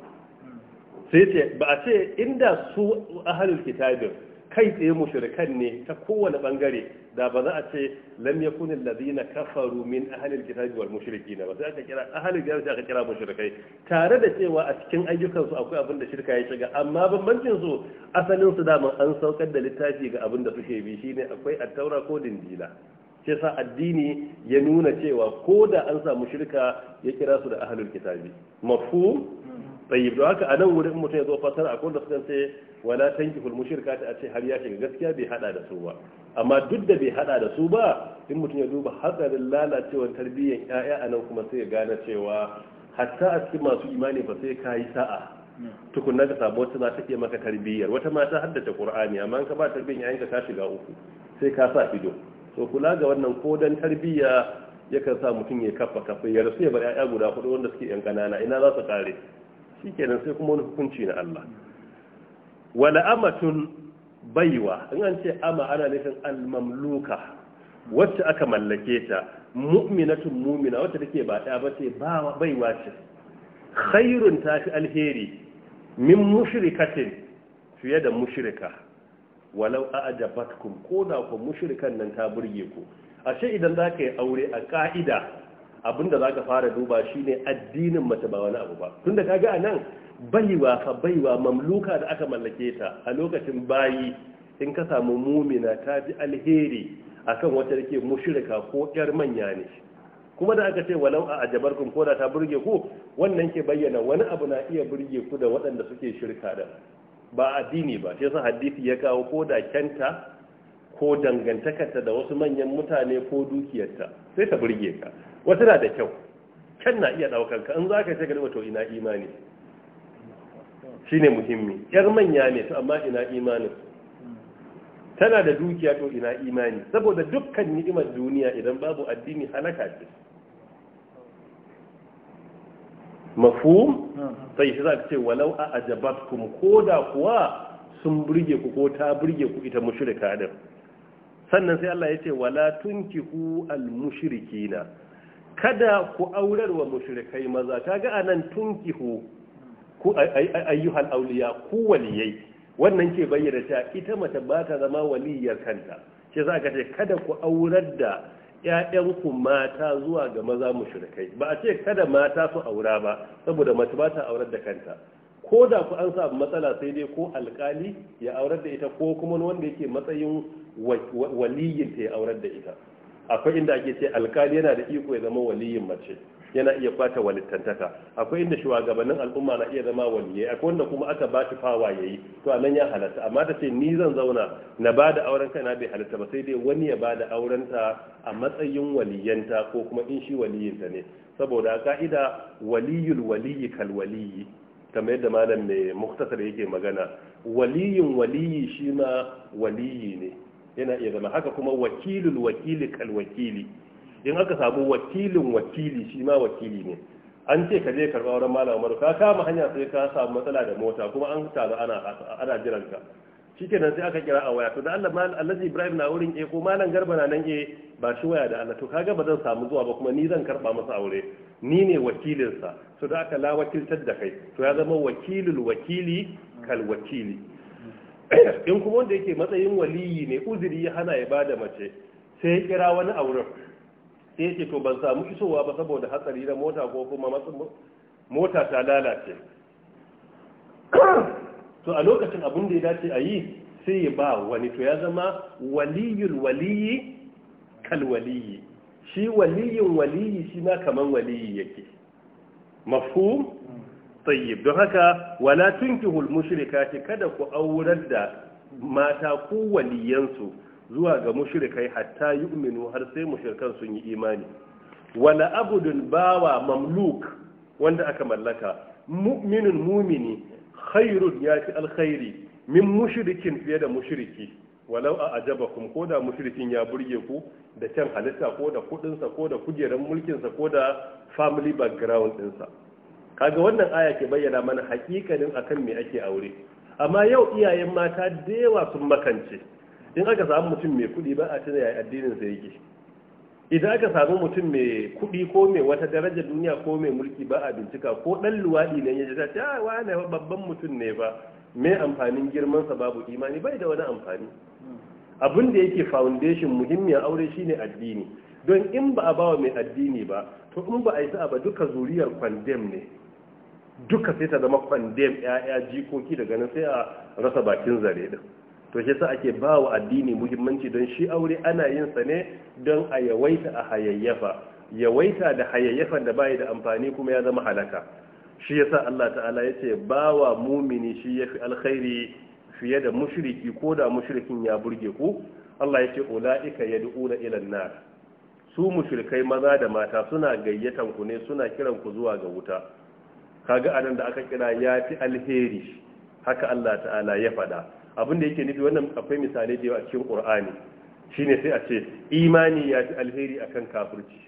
Speaker 1: sai ce ba a ce inda su ahalul kitabin kai tsaye mushrikan ne ta kowane bangare da ba za a ce lam yakun allazina kafaru min a kitabi wal mushrikin ba sai aka kira ahlul kitabi aka kira mushrikai tare da cewa a cikin ayyukan su akwai abin da shirka ya shiga amma bambancin su asalin su dama an saukar da littafi ga abin da suke bi shine akwai at-taura ko dindila sai sa addini ya nuna cewa ko da an samu shirka ya kira su da ahlul kitabi mafhum tsayi don haka a nan wurin mutum ya zo fasara akwai da sukan sai wala tanki ful mushirka ta ce har ya shiga gaskiya bai hada da su ba amma duk da bai hada da su ba in mutum ya duba hatsarin lalacewar tarbiyyar yaya a nan kuma sai ya gane cewa hatta a cikin masu imani ba sai ka yi sa'a tukunna ka samu wata mata ta iya maka tarbiyyar wata mata haddace qur'ani amma ka ba tarbiyyar yayin ka shiga uku sai ka sa ido to kula ga wannan ko dan tarbiyya yakan sa mutum ya kafa kafa ya rasu ya bar 'ya'ya guda hudu wanda suke yan kanana ina za su kare shikenan sai kuma wani hukunci na Allah wala amatun baiwa in an ce ama ana nufin almamluka wacce aka mallake ta mu'minatun mu'mina wacce take ba bace ba ce baiwa ce khairun ta fi alheri min mushrikatin fiye da mushrika walau a'jabatkum ko da ku mushrikan nan ta burge ku ashe idan za yi aure a ka'ida abinda za ka fara duba shine addinin mace ba wani abu ba tun da kaga ga nan baiwa ka baiwa mamluka da aka mallake ta a lokacin bayi in ka samu mumina ta fi alheri akan wata da ke mushirika ko yar manya ne kuma da aka ce walau a ajabarkum ko da ta burge ku wannan ke bayyana wani abu na iya burge ku da waɗanda suke shirka da ba addini ba sai yasa hadisi ya kawo ko da kyanta ko dangantakarta da wasu manyan mutane ko dukiyarta sai ta burge ka wata na da kyau kyan na iya ɗaukar ka in za ka shiga to ina imani Shi ne muhimmi yar manya ne su, amma ina imani tana da dukiya to ina imani saboda dukkan ni'imar duniya idan babu addini halaka ce mafhum sai shi za ka ce walau a ajabatkum da kuwa sun burge ku ko ta burge ku ita mushrika din sannan sai Allah ya ce wala tunkihu al mushrikina kada ku aurar wa mushrikai maza ta ga anan tunkihu ku ayyuhal awliya ku waliyai wannan ke bayyana ta ita mata ba ta zama waliyar kanta shi za ka ce kada ku aurar da ku mata zuwa ga maza mushrikai ba a ce kada mata su aura ba saboda mace ba ta aurar da kanta ko da ku an samu matsala sai dai ko alkali ya aurar da ita ko kuma wanda yake matsayin ta ya aurar da ita akwai inda ake ce alkali yana da iko ya zama waliyin mace yana iya bata walittantaka akwai inda shugabannin al'umma na iya zama waliyai akwai wanda kuma aka ba shi fawa yayi to a nan ya halatta amma ta ce ni zan zauna na ba da auren na bai halatta ba sai dai wani ya ba da auren ta a matsayin waliyanta ko kuma in shi waliyinta ne saboda ka'ida waliyul waliyi kal waliyi kamar yadda malam mai muktasar yake magana waliyin waliyi shi ma waliyi ne yana iya zama haka kuma wakilul wakili kal wakili in aka samu wakilin wakili shi ma wakili ne an ce ka je karɓa wurin malam umaru ka kama hanya sai ka samu matsala da mota kuma an taru ana ana jiran ka shikenan sai aka kira a waya to da Allah mal Allah Ibrahim na wurin eh ko malam Garba na nan eh ba shi waya da Allah to kaga ba zan samu zuwa ba kuma ni zan karɓa masa aure ni ne wakilinsa to da aka la wakiltar da kai to ya zama wakilul wakili kal wakili in kuma wanda yake matsayin waliyi ne uzuri ya hana ya bada mace sai ya kira wani auren sai ya ce to ban samu isowa ba saboda hatsari na mota ko kuma mota ta lalace to a lokacin abin da ya dace a yi sai ya ba wani to ya zama waliyul waliyi kal waliyi shi waliyin waliyi shi na kaman waliyi yake mafhum tayyib don haka wala tunkihul mushrikati kada ku aurar da mata ko waliyansu zuwa ga mushrikai hatta yu'minu har sai mushrikan sun yi imani wala abudun bawa mamluk wanda aka mallaka mu'minun mumini khairun ya fi alkhairi min mushrikin fiye da mushriki walau a ajabakum ko da mushrikin ya burge ku da can halitta ko da kudinsa ko da kujerar mulkinsa ko da family background ɗinsa. kaga wannan aya ke bayyana mana hakikanin akan me ake aure amma yau iyayen mata da yawa sun makance in aka samu mutum mai kuɗi ba a tuna yayin addinin sa yake idan aka samu mutum mai kuɗi ko mai wata daraja duniya ko mai mulki ba a bincika ko dan luwaɗi ne ya ta ce ah, wane babban mutum ne ba mai amfanin girmansa babu imani bai da wani amfani abin da yake foundation muhimmiyar aure shine addini don in ba a bawa mai addini ba to in ba a yi sa'a ba duka zuriyar kwandem ne duka sai ta zama kwandem ya'ya jikoki daga nan sai a rasa bakin zare din to shi sa ake ba wa addini muhimmanci don shi aure ana yin sa ne don a yawaita a hayayyafa yawaita da hayayyafan da bai da amfani kuma ya zama halaka shi yasa Allah ta'ala yace ba wa mumini shi yafi alkhairi fiye da mushriki ko da mushrikin ya burge ku Allah yace ulaika yad'una ila an su mushrikai maza da mata suna gayyatan ku ne suna kiran ku zuwa ga wuta kaga anan da aka kira ya fi alheri haka Allah ta'ala ya faɗa abin da yake nufi wannan akwai misali da yawa a cikin Qur'ani shine sai a ce imani ya fi alheri akan kafirci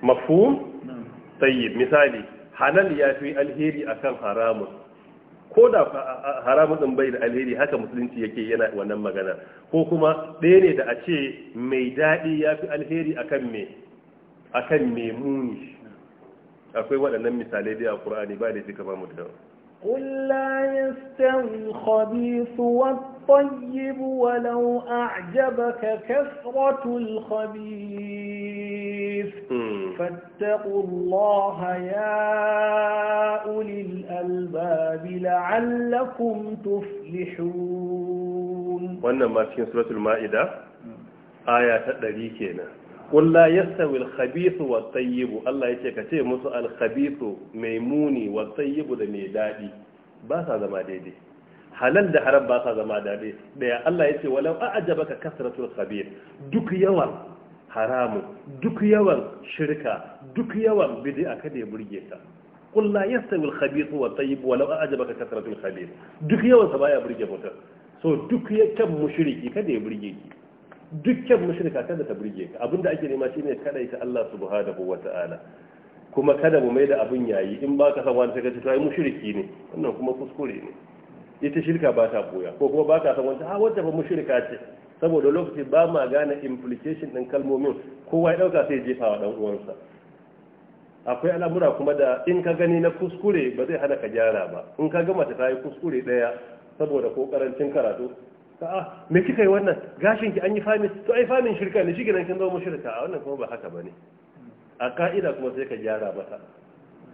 Speaker 1: mafhum tayyib misali halal ya fi alheri akan haramun ko da haramun din bai da alheri haka musulunci yake yana wannan magana ko kuma ɗaya ne da a ce mai daɗi ya fi alheri akan me akan mai muni akwai waɗannan misalai da a ƙur'ani ba da jika ba mu da yawa
Speaker 2: قل لا يستوي الخبيث والطيب ولو أعجبك كثرة الخبيث فاتقوا الله يا أولي الألباب لعلكم تفلحون
Speaker 1: وأنما في سورة المائدة آية تدريكينا qul ya yastawi al-khabithu wa tayyibu Allah ya ce ka ce musu al-khabithu mai muni wa tayyibu da mai daɗi ba sa zama daidai halal da haram ba sa zama daidai daya Allah ya ce walau a'jabaka kasratul khabith duk yawan haramu duk yawan shirka duk yawan bid'a kada ya burge ka qul ya yastawi al wa tayyib walau a'jabaka kasratul khabith duk yawan sa baya burge mutum so duk yakan mushriki kada ya burge ki dukkan mushrika kada ta burge ka abinda ake nema shine kada ita Allah subhanahu wata'ala kuma kada mu maida abin yayi in ba ka san wani sai ka ce to ai mushriki ne wannan kuma kuskure ne ita shirka ba ta koya ko kuma ba ka san wani ha wanda ba mushrika ce saboda lokaci ba ma gane implication din kalmomin kowa ya dauka sai jefa wa dan uwansa akwai al'amura kuma da in ka gani na kuskure ba zai hana ka gyara ba in ka gama ta yi kuskure daya saboda ko karancin karatu a'a me kika yi wannan gashin ki an yi famin to ai famin shirka ne shigiran kin zama mushrika a wannan kuma ba haka bane a ka'ida kuma sai ka gyara masa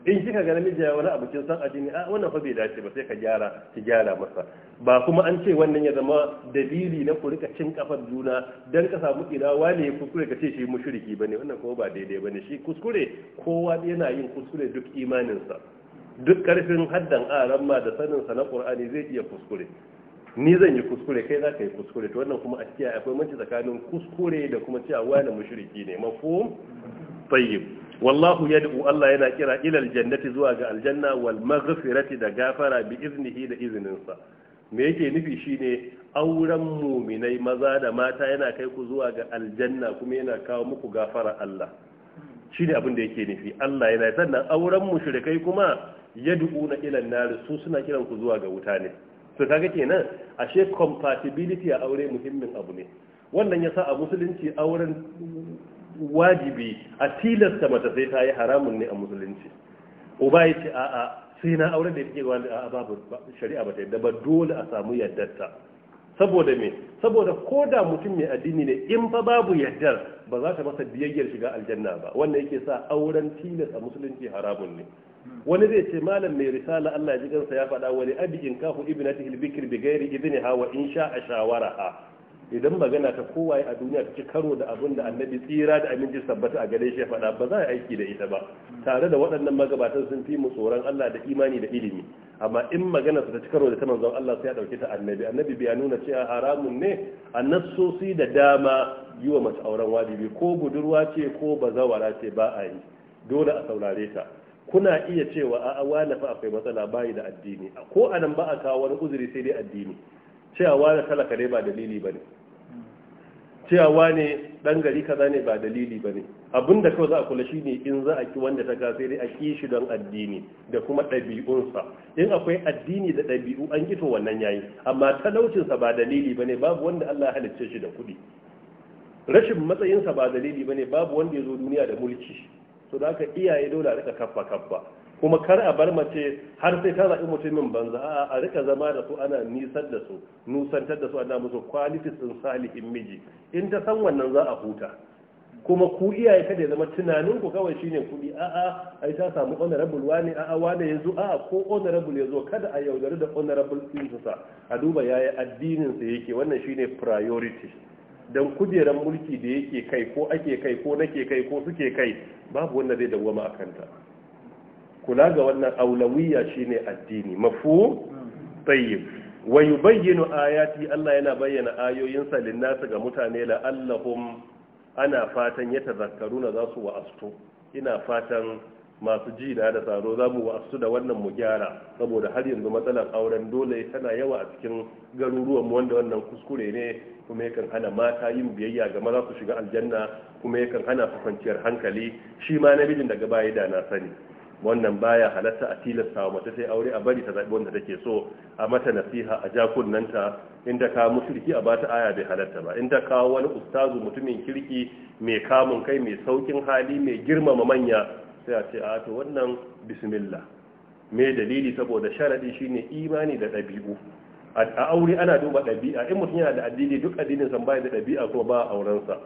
Speaker 1: in kika ga namiji ya wani abu kin san ajini a wannan fa bai dace ba sai ka gyara ki gyara masa ba kuma an ce wannan ya zama dalili na ku rika cin kafar juna dan ka samu ina wane ya kuskure ka ce shi mushriki bane wannan kuma ba daidai bane shi kuskure kowa yana yin kuskure duk imaninsa duk karfin haddan aran ma da saninsa na qur'ani zai iya kuskure ni zan yi kuskure kai za ka yi kuskure to wannan kuma a cikin akwai manci tsakanin kuskure da kuma cewa wani mushriki ne mafhum tayyib wallahu yad'u Allah yana kira ila aljannati zuwa ga aljanna wal maghfirati da gafara bi iznihi da izininsa me yake nufi shine auren muminai maza da mata yana kai ku zuwa ga aljanna kuma yana kawo muku gafara Allah shine abin da yake nufi Allah yana sannan auren mushrikai kuma yad'una ila an-nar su suna kiran ku zuwa ga wuta ne to kaga kenan ashe compatibility a aure muhimmin abu ne wannan yasa a musulunci auren wajibi a tilasta mata sai ta yi haramun ne a musulunci uba ya ce a'a sai na auren da yake wani a'a babu shari'a ba ta yadda ba dole a samu yaddarta saboda me saboda ko da mutum mai addini ne in fa babu yaddar ba za ta masa biyayyar shiga aljanna ba wannan yake sa auren tilas a musulunci haramun ne wani zai ce malam mai risala Allah ji kansa ya faɗa wani abi in kahu Ibnati al-bikr bi ghairi idniha wa in sha a shawara a idan magana ta kowaye a duniya ta ci karo da abin da annabi tsira da aminci sabbata a gare shi ya faɗa ba za a aiki da ita ba tare da waɗannan magabatan sun fi mu tsoron Allah da imani da ilimi amma in magana ta ci karo da ta manzon Allah sai ya dauke ta annabi annabi bai nuna cewa haramun ne annasosi da dama yi wa mace auren wajibi ko budurwa ce ko bazawara ce ba a yi dole a saurare ta kuna iya cewa a wala fa akwai matsala bayi da addini ko anan ba a kawo wani uzuri sai dai addini cewa wala talaka ne ba dalili bane cewa wani dan gari kaza ne ba dalili bane abinda kawai za a kula shine in za a ki wanda ta sai dai a ki shi don addini da kuma ɗabi'unsa in akwai addini da ɗabi'u an kito wannan yayi amma talaucinsa ba dalili bane babu wanda Allah ya halicce shi da kuɗi rashin matsayinsa ba dalili bane babu wanda ya zo duniya da mulki to da aka iyaye dole a rika kaffa kaffa kuma kar a bar mace har sai ta zaɓi mutumin banza a rika zama da su ana nisan da su nusantar da su ana musu qualities din salihin miji in ta san wannan za a huta kuma ku iyaye kada ya zama tunanin ku kawai shine kuɗi a'a ai ta samu honorable wani a'a wani yazo a'a ko honorable zo kada a yaudari da honorable su sa a duba yaya addinin sa yake wannan shine priority don kujeran mulki da yake kai ko ake kai ko nake kai ko suke kai babu wanda zai dawo a kanta kula ga wannan aulawiya shine addini mafu tayyib wa yubayyinu ayati Allah yana bayyana ayoyinsa linnasu ga mutane allahum ana fatan ya tazakkaruna za su wa'astu ina fatan masu ji da da tsaro za mu wa'astu da wannan mu gyara saboda har yanzu matsalar auren dole tana yawa a cikin garuruwan wanda wannan kuskure ne kuma yakan hana mata yin biyayya ga maza su shiga aljanna kuma yakan hana su kwanciyar hankali shi ma namijin daga baya da na sani wannan baya halatta a tilasta wa mace sai aure a bari ta zaɓi wanda take so a mata nasiha a jakunnanta in ta ka mushriki a bata aya bai halatta ba inda ta kawo wani ustazu mutumin kirki mai kamun kai mai saukin hali mai girmama manya sai a ce a to wannan bismillah me dalili saboda sharadi shine imani da ɗabi'u a aure ana duba ɗabi'a in mutum yana da addini duk addinin san bai da ɗabi'a kuma ba aurensa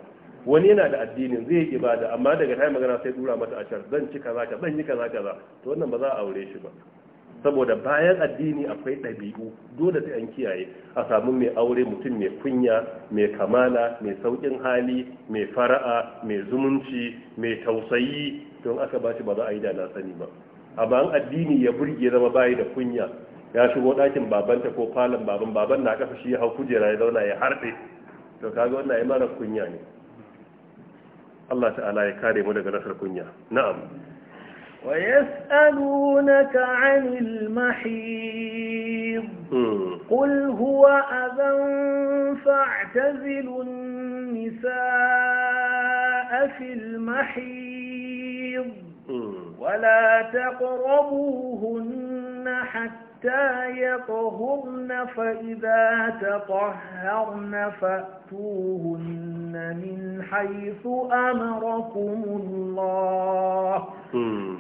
Speaker 1: wani yana da addinin zai yi ibada amma daga ta magana sai dura mata can zan ci kaza ka zan yi kaza kaza to wannan ba za a aure shi ba saboda bayan addini akwai ɗabi'u dole sai an kiyaye a samu mai aure mutum mai kunya mai kamala mai saukin hali mai fara'a mai zumunci mai tausayi don aka ba shi ba za a yi da na sani ba amma addini ya burge zama bayi da kunya ya shigo ɗakin babanta ko falon baban baban na kafa shi ya hau kujera ya zauna ya harbe to kaga wannan ai mara kunya ne Allah ta'ala ya kare mu daga rasar kunya na'am
Speaker 2: wa yas'alunaka 'anil mahid hmm. qul huwa adhan fa'tazilun nisaa fil mahid ولا hmm. تقربوهن يطهرن فإذا تطهرن فأتوهن من حيث أمركم الله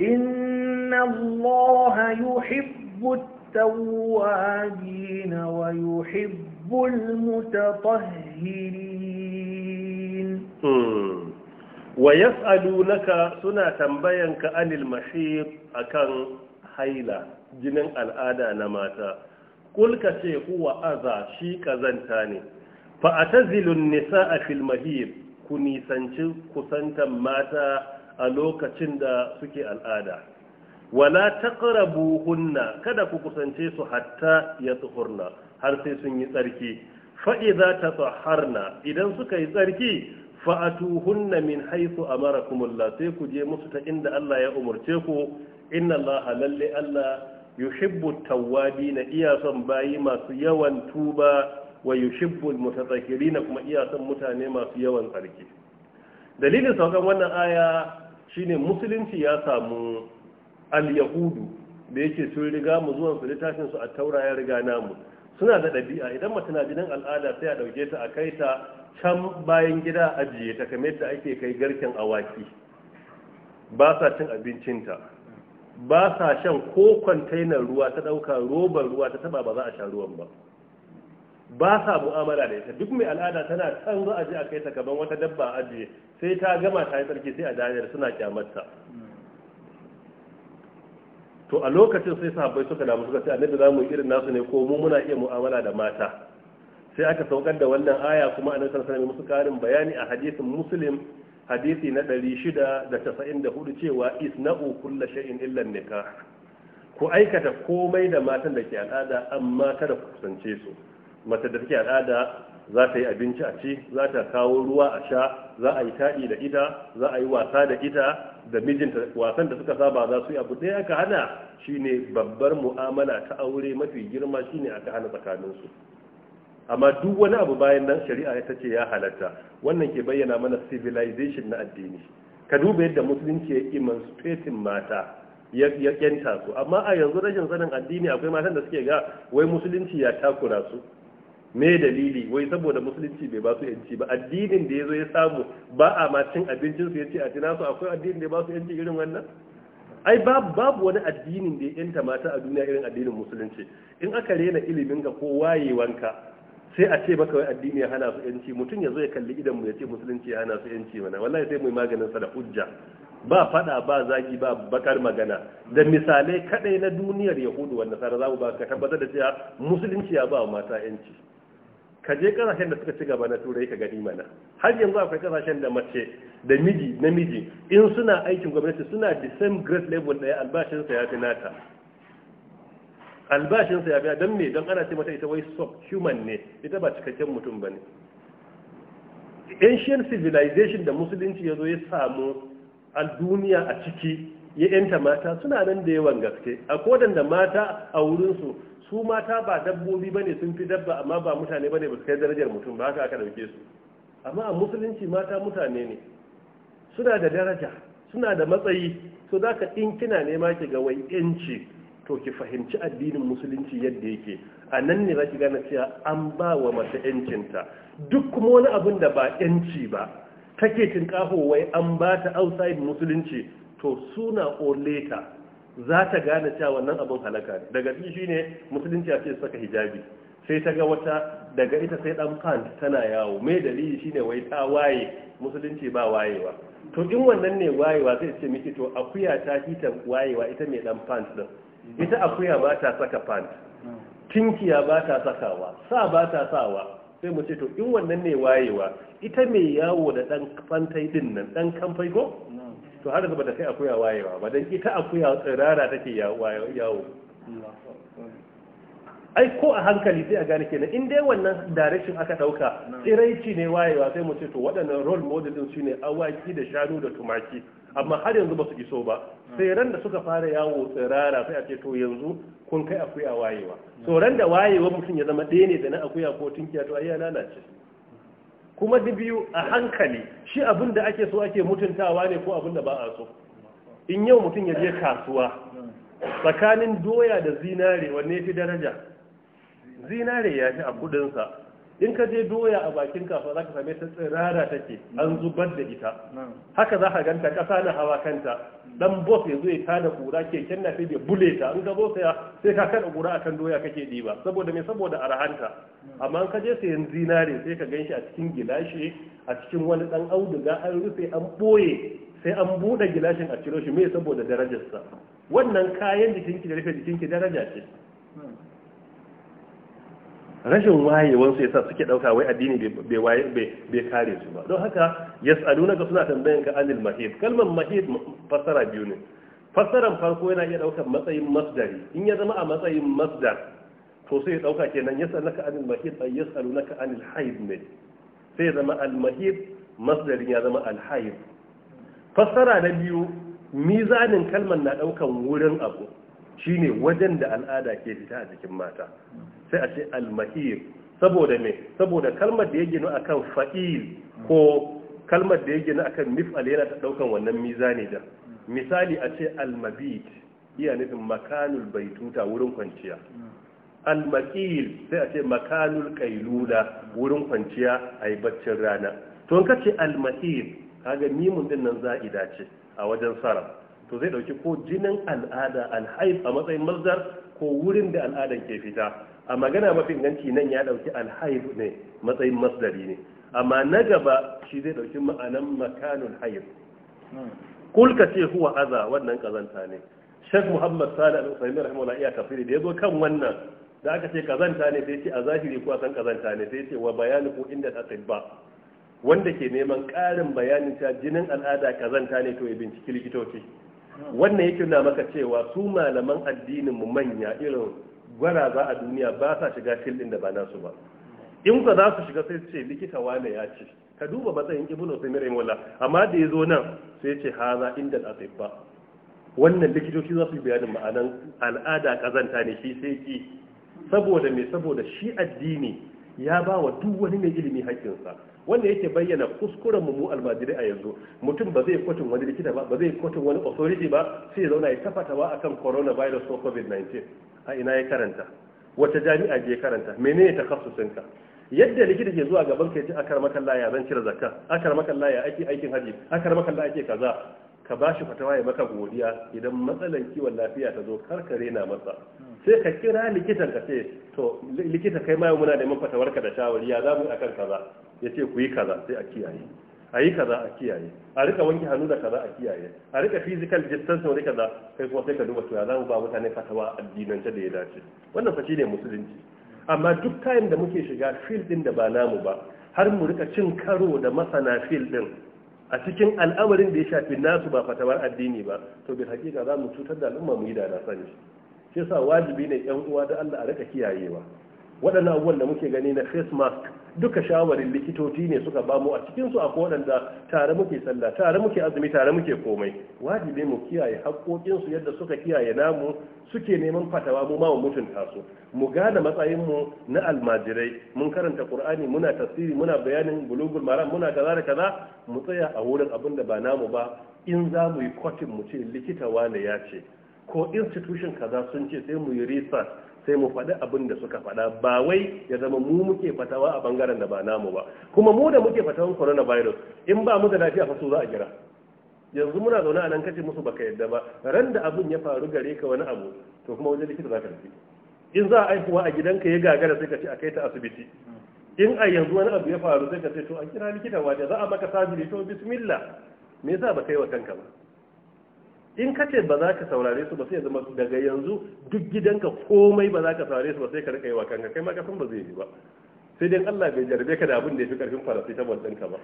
Speaker 2: إن الله يحب التوابين ويحب المتطهرين
Speaker 1: ويسألونك سنة تنبينك عن المحيط أكن حيلة jinin al'ada na mata kul ka ce huwa aza shi kazanta ne fa atazilun nisaa fil mahib ku nisanci kusantan mata a lokacin da suke al'ada wala hunna kada ku kusance su hatta ya tsuhurna har sai sun yi tsarki fa idza tatahharna idan suka yi tsarki fa atuhunna min haythu amarakumullah sai ku je musu ta inda Allah ya umarce ku inna Allah lalle Allah yuhibbu tawwabina iya son bayi masu yawan tuba wa yushibbu mutatahhirina kuma iya son mutane masu yawan tsarki dalilin saukan wannan aya shine musulunci ya samu al-yahudu da yake sun riga mu zuwan su littafin su a taura ya riga namu suna da ɗabi'a idan mata na jinin al'ada sai a ɗauke ta a kai ta can bayan gida ajiye ta kamar yadda ake kai garken awaki ba sa cin abincinta ba sa shan ko kwantainar ruwa ta ɗauka robar ruwa ta taba ba za a sha ruwan ba ba sa mu'amala da ita duk mai al'ada tana can za a je a kai ta gaban wata dabba a ajiye sai ta gama ta yi tsarki sai a dajiyar suna kyamarta to a lokacin sai sahabbai suka damu suka ce annabi za mu yi irin nasu ne ko mu muna iya mu'amala da mata sai aka saukar da wannan aya kuma annabi sallallahu alaihi wasallam musu karin bayani a hadisin muslim hadisi na 694 cewa isna'u kulla shay'in illa nikah ku aikata komai da matan da ke al'ada amma kada ku kusance su mata da take al'ada za ta yi abinci a ci za ta kawo ruwa a sha za a yi taɗi da ita za a yi wasa da ita da mijinta wasan da suka saba za su yi abu ɗaya aka hana shine babbar mu'amala ta aure mafi girma shine aka hana tsakaninsu amma duk wani abu bayan nan shari'a ya ce ya halatta wannan ke bayyana mana civilization na addini ka duba yadda musulunci ya emancipating mata ya yanta su amma a yanzu rashin sanin addini akwai matan da suke ga wai musulunci ya takura su me dalili wai saboda musulunci bai ba su yanci ba addinin da ya zo ya samu ba a macin abincin su ce a tina su akwai addinin da ya ba su yanci irin wannan ai babu babu wani addinin da ya yanta mata a duniya irin addinin musulunci in aka rena ilimin ka ko wayewanka sai a ce baka wai addini ya hana su yanci mutum ya zo ya kalli idan mu ya ce musulunci ya hana su yanci mana wallahi sai mu maganin sa da hujja ba fada ba zagi ba bakar magana da misalai kadai na duniyar yahudu wanda sara za mu ba ka tabbatar da cewa musulunci ya ba mata yanci ka je kasashen da suka ci gaba na turai ka gani mana har yanzu akwai kasashen da mace da miji namiji in suna aikin gwamnati suna the same grade level ɗaya albashinsa ya fi nata albashinsa ya biya don me don ana ce mata ita wai human ne ita ba cikakken mutum bane. ne ancient civilization da musulunci ya zo ya samu a duniya a ciki ya yanta mata suna nan da yawan gaske a kodan da mata a wurinsu su mata ba dabbobi bane sun fi dabba amma ba mutane bane ba su kai darajar mutum ba haka aka dauke su amma a musulunci mata mutane ne suna da daraja suna da matsayi to zaka in kina nema ki ga wai yanci to ki fahimci addinin musulunci yadda yake a nan ne za ki gane cewa an ba wa mace yancinta duk kuma wani abin da ba yanci ba take tinkaho wai an ba ta outside musulunci to suna or later za ta gane cewa wannan abin halaka ne daga shi shine musulunci a ce saka hijabi sai ta ga wata daga ita sai dan pant tana yawo mai dalili shine wai ta waye musulunci ba wayewa to in wannan ne wayewa zai ce miki to akuya ta hitan wayewa ita mai dan pant din ita akuya ba ta saka pant tinkiya ba ta sakawa sa ba ta sawa sai mu ce to in wannan ne wayewa ita mai yawo da dan fantai din nan dan kamfai ko to har ba ta kai akuya wayewa ba dan ita akuya tsirara take yawo ai ko a hankali sai a gane kenan in dai wannan direction aka dauka tsiraici ne wayewa sai mu ce to waɗannan role model din shine awaki da shanu da tumaki amma har yanzu ba su iso ba sai ran da suka fara yawo tsirara sai a ce to yanzu kun kai akuya wayewa to ran da wayewa mutum ya zama ɗaya ne da na akuya ko tunkiya to ayi lalace kuma da biyu a hankali shi abin da ake so ake mutuntawa ne ko abin da ba a so in yau mutum ya je kasuwa tsakanin doya da zinare wanne fi daraja zinare ya fi a kudinsa in ka je doya a bakin kafa za ka same ta tsirara take an zubar da ita haka za ka ganta kasa na hawa kanta dan bof ya zo ya tada kura keken na sai bai bule ta in ka zo saya sai ka kada kura akan doya kake diba saboda me saboda arahanta amma in ka je sayan zinare sai ka ganshi a cikin gilashi a cikin wani dan auduga an rufe an boye sai an buɗe gilashin a ciro shi me saboda darajarsa wannan kayan jikinki da rufe jikinki daraja ce rashin wayewansu ya sa suke ɗauka wai addini bai waye bai kare su ba don haka yas'aluna ga suna tambayan ga anil mahid kalmar mahid fassara biyu ne fassaran farko yana iya ɗaukar matsayin masdari in ya zama a matsayin masdar to sai ya ɗauka kenan yas'alunaka anil mahid ay yas'alunaka anil haid ne sai ya zama al mahid masdarin ya zama al haid fassara na biyu mizanin kalmar na ɗaukan wurin abu shine wajen da al'ada ke fita a jikin mata sai a ce al-mahir saboda me saboda kalmar da ya gina akan fa'il ko kalmar da ya gina akan mif'al yana ta daukan wannan mizani da misali a ce al al-mabit iya nufin makanul baituta wurin kwanciya al al-maqil sai a ce makanul kailula wurin kwanciya a baccin rana to ka ce al-mahir kaga mimun din nan za'ida ce a wajen sarrafa to zai ɗauki ko jinin al'ada alhaif a matsayin mazdar ko wurin da al'adan ke fita a magana mafi inganci nan ya ɗauki alhaif ne matsayin masdari ne amma na gaba shi zai ɗauki ma'anan makanul haif Kulka ce huwa aza wannan kazanta ne shek Muhammad Sani Al-Utsaimin a iya kafiri da zo kan wannan da aka ce kazanta ne sai ce a zahiri ko a san kazanta ne sai ce wa bayani ko inda ta ba wanda ke neman ƙarin bayanin ta jinin al'ada kazanta ne to ya binciki likitoci wannan yake na maka cewa su malaman addinin mu manya irin gwaraza a duniya ba sa shiga filin da ba nasu ba in ka za su shiga sai ce likita wane ya ce ka duba matsayin ibnu sami wala amma da ya zo nan sai ce haza inda al-atibba wannan likitoci za su yi bayanin ma'anan al'ada kazanta ne shi sai ki saboda me saboda shi addini ya ba wa duk wani mai ilimi haƙƙinsa wanda yake bayyana kuskuren mu mu almajiri a yanzu mutum ba zai kotun wani likita ba ba zai kotun wani authority ba sai ya zauna ya tafata ba akan coronavirus ko covid-19 a ina ya karanta wata jami'a je karanta menene takassusinka yadda likita ke zuwa gaban ka yace akar makalla ya zan cire zakka akar makalla ya ake aikin haji akar makalla ake kaza ka ba shi fatawa ya maka godiya idan matsalar kiwon lafiya ta zo karkare na masa sai ka kira likitan ka ce to likita kai ma muna neman fatawarka da shawari ya zamu akan kaza ya ce ku yi kaza sai a kiyaye a yi kaza a kiyaye a rika wanke hannu da kaza a kiyaye a rika physical distance wani kaza kai kuma sai ka duba to ya zamu ba mutane fatawa addinan addinance da ya dace wannan fa shine musulunci amma duk kayan da muke shiga fil din da ba namu ba har mu rika cin karo da masana fil din a cikin al'amarin da ya shafi nasu ba fatawar addini ba to bi hakika za mu cutar da al'umma mu yi da na sani shi yasa wajibi ne yan uwa da Allah a rika kiyayewa waɗannan abubuwan da muke gani na face mask duka shawarin likitoci ne suka ba mu a cikinsu a waɗanda tare muke sallah tare muke azumi tare muke komai wajibi mu kiyaye haƙoƙinsu yadda suka kiyaye namu suke neman fatawa mu ma mutunta su mu gane matsayinmu na almajirai mun karanta qur'ani muna tafsiri muna bayanin bulugul maram muna kaza da kaza mu tsaya a wurin abin da ba namu ba in za mu yi kotin mu ce likita wane ya ce ko institution kaza sun ce sai mu yi research sai mu faɗi abin da suka faɗa ba wai ya zama mu muke fatawa a bangaren da ba namu ba kuma mu da muke fatawan coronavirus in ba mu da lafiya fa su za a kira yanzu muna zaune a nan kace musu baka yadda ba ran da abun ya faru gare ka wani abu to kuma wajen likita za ka tafi in za a aihuwa a gidanka ya gagara sai ka ce a kai ta asibiti in a yanzu wani abu ya faru sai ka ce to a kira likita waje za a maka sajiri to bismillah me yasa ba kai wa kanka ba in ka ce ba za ka saurare su ba sai zama daga yanzu duk gidanka komai ba za ka saurare su ba sai ka rika yi wa kanka kai ma ka san ba zai yi ba sai dai Allah bai jarrabe ka da abin da ya fi karfin paracetamol ɗinka ba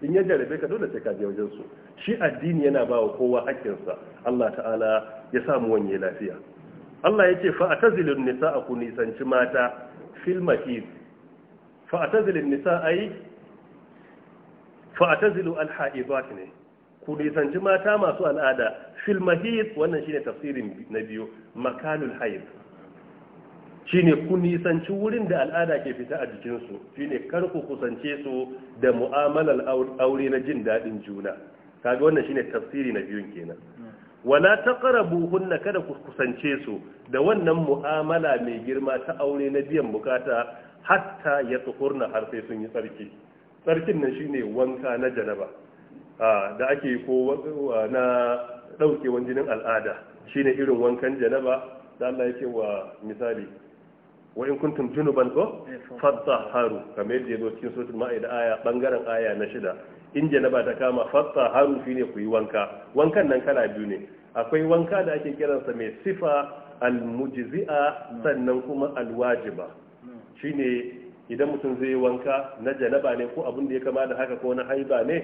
Speaker 1: in ya jarabe ka dole sai ka je wajen su shi addini yana ba wa kowa sa Allah ta'ala ya samu wani lafiya Allah yake fa atazilun nisaa ku nisanci mata fil mahid fa atazilun nisaa ai fa atazilu al ne ku nisanci mata masu al'ada fil mahid wannan shine tafsirin na biyu makalul haid shine ku nisanci wurin da al'ada ke fita a jikinsu shine kar ku kusance su da mu'amalar aure na jin daɗin juna kaga wannan shine tafsiri na biyun kenan wala hunna kada ku kusance su da wannan mu'amala mai girma ta aure na biyan bukata hatta ya tsukurna har sai sun yi tsarki tsarkin nan shine wanka na janaba da ake ko na ɗaukewan jinin al'ada shi ne irin wankan janaba da Allah ya ce wa misali wa in kuntum junuban ko fattaharu kamar yadda zo cikin suratul ma'ida aya bangaren aya na shida in janaba ta kama fattaharu shine ku yi wanka wankan nan kala biyu ne akwai wanka da ake kiransa mai sifa almujzi'a sannan kuma alwajiba shine idan mutum zai yi wanka na janaba ne ko abin da ya kama da haka ko na haiba ne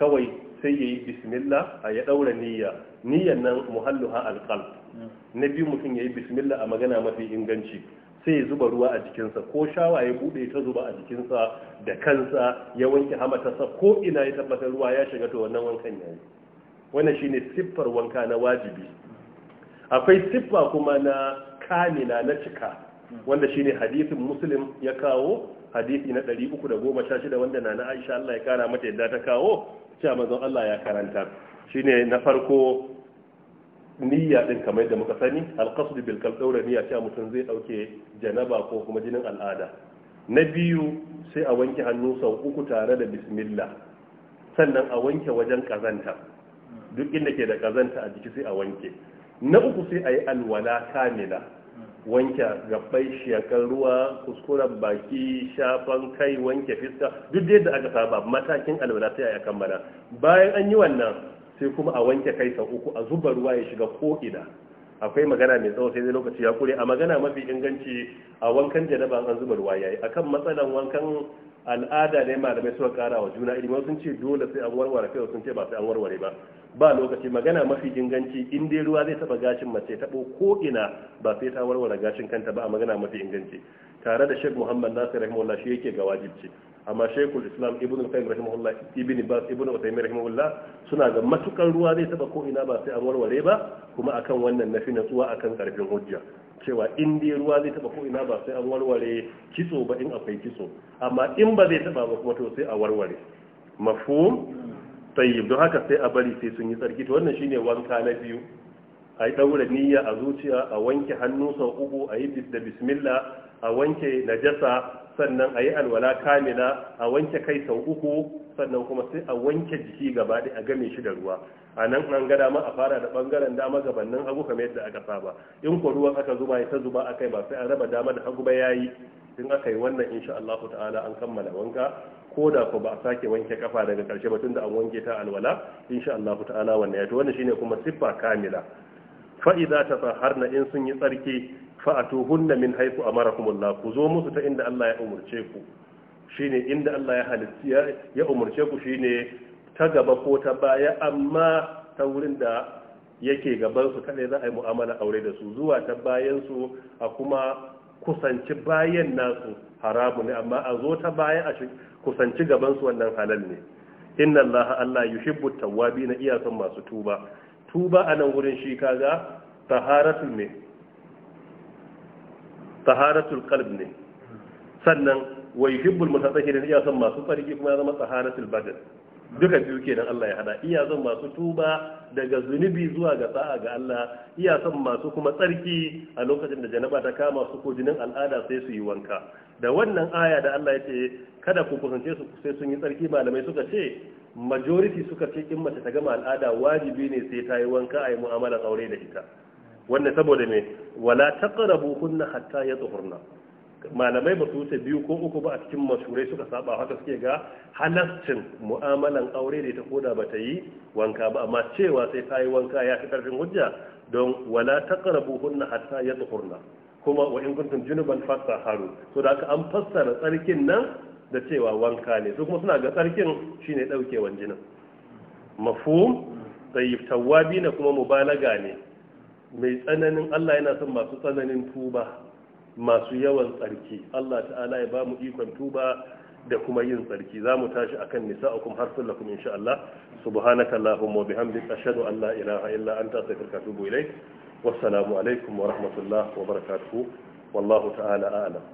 Speaker 1: kawai sai ya yi bismillah a ya ɗaura niyya niyyan nan muhalluha alƙal na biyu mutum ya yi bismillah a magana mafi inganci sai ya zuba ruwa a jikinsa ko shawa ya buɗe ta zuba a jikinsa da kansa ya wanke hamatarsa ko ina ya tabbatar ruwa ya shiga to wannan wankan ya yi wannan shine siffar wanka na wajibi akwai siffa kuma na kamila na cika wanda shine hadisin muslim ya kawo hadisi na 316 wanda na na Aisha Allah ya kara mata yadda ta kawo cewa manzon Allah ya karanta shine na farko niyya din kamar da muka sani alqasd bil qalb niyya cewa mutum zai dauke janaba ko kuma jinin al'ada na biyu sai a wanke hannu sau uku tare da bismillah sannan a wanke wajen kazanta duk inda ke da kazanta a jiki sai a wanke na uku sai a yi alwala kamila wanke gabbai shekar ruwa kuskuren baki shafan kai wanke fiska duk da yadda aka saba matakin alwala ta a kammala bayan an yi wannan sai kuma a wanke kai sau uku a zuba ruwa ya shiga ko ina akwai magana mai tsawo sai dai lokaci ya kure a magana mafi inganci a wankan jaraba an zuba ruwa yayi akan matsalan wankan al'ada ne malamai suka kara wa juna ilimi sun ce dole sai an warware kai sun ce ba sai an warware ba ba lokaci magana mafi inganci in dai ruwa zai taba gashin mace tabo ko ina ba sai ta warware gashin kanta ba a magana mafi inganci tare da Sheikh Muhammad Nasir rahimahullah shi yake ga wajibci amma Sheikhul Islam Ibn Qayyim rahimahullah Ibn Bas Ibn Uthaymeen rahimahullah suna ga matukan ruwa zai taba ko ina ba sai an warware ba kuma akan wannan nafi natsuwa akan karfin hujja cewa in dai ruwa zai taba ko ina ba sai an warware kitso ba in akwai kitso amma in ba zai taba ba kuma to sai a warware mafhum tayyib don haka sai a bari sai sun yi tsarki to wannan shine wanka na biyu a yi ɗaura niyya a zuciya a wanke hannu sau uku a yi da bismillah a wanke najasa sannan a yi alwala kamila a wanke kai sau uku sannan kuma sai a wanke jiki gaba ɗaya a game shi da ruwa a nan an ga dama a fara da ɓangaren dama bannin hagu kamar yadda aka saba in ko ruwan aka zuba ya ta zuba a kai ba sai a raba dama da hagu ba yayi in aka yi wannan insha Allah ta'ala an kammala wanka ko da ko ba a sake wanke kafa daga karshe ba tunda an wanke ta alwala insha Allah ta'ala wannan to wannan shine kuma siffa kamila fa idza tatahharna in sun yi tsarki fa atuhunna min haythu amarakumullah ku zo musu ta inda Allah ya umurce ku shine inda Allah ya halitta ya umurce ku shine ta gaba ko ta baya amma ta wurin da yake gaban su kadai za a yi mu'amala aure da su zuwa ta bayan su a kuma kusanci bayan nasu haramu ne amma a zo ta baya a kusanci gabansu wannan halal ne inna allaha allah yuhibbu tawwabina iyakan masu tuba tuba a nan wurin shi kaga taharatul ne taharatul qalb ne sannan wa yuhibbul mutatahhirin iyakan masu tsarki kuma ya zama taharatul badan duka biyu kenan Allah ya hada iya son masu tuba daga zunubi zuwa ga sa'a ga Allah iya son masu kuma tsarki a lokacin da janaba ta kama su ko jinin al'ada sai su yi wanka da wannan aya da Allah ya ce kada ku kusance su sai sun yi tsarki malamai suka ce majority suka ce in mace ta gama al'ada wajibi ne sai ta yi wanka a yi mu'amalar aure da ita wannan saboda me wala taqrabu kunna hatta yatuhurna malamai ba su wuce biyu ko uku ba a cikin mashurai suka saba haka suke ga halaccin mu'amalan aure da ta koda ba ta yi wanka ba amma cewa sai ta yi wanka ya fi karfin hujja don wala ta karabu hunna hatta yatahurna kuma wa in kuntum junuban haru so da an fassara tsarkin nan da cewa wanka ne su kuma suna ga tsarkin shine daukewan jinin mafhum tayyib tawabi na kuma mubalaga ne mai tsananin Allah yana son masu tsananin tuba masu yawan tsarki Allah ta'ala ya ba mu ikon tuba da kuma yin tsarki za mu tashi akan nisa'ukum har sun lakum insha Allah subhanaka allahumma bihamdika ashhadu an la ilaha illa anta astaghfiruka wa atubu ilaik wassalamu alaikum wa rahmatullah wa barakatuh wallahu ta'ala a'lam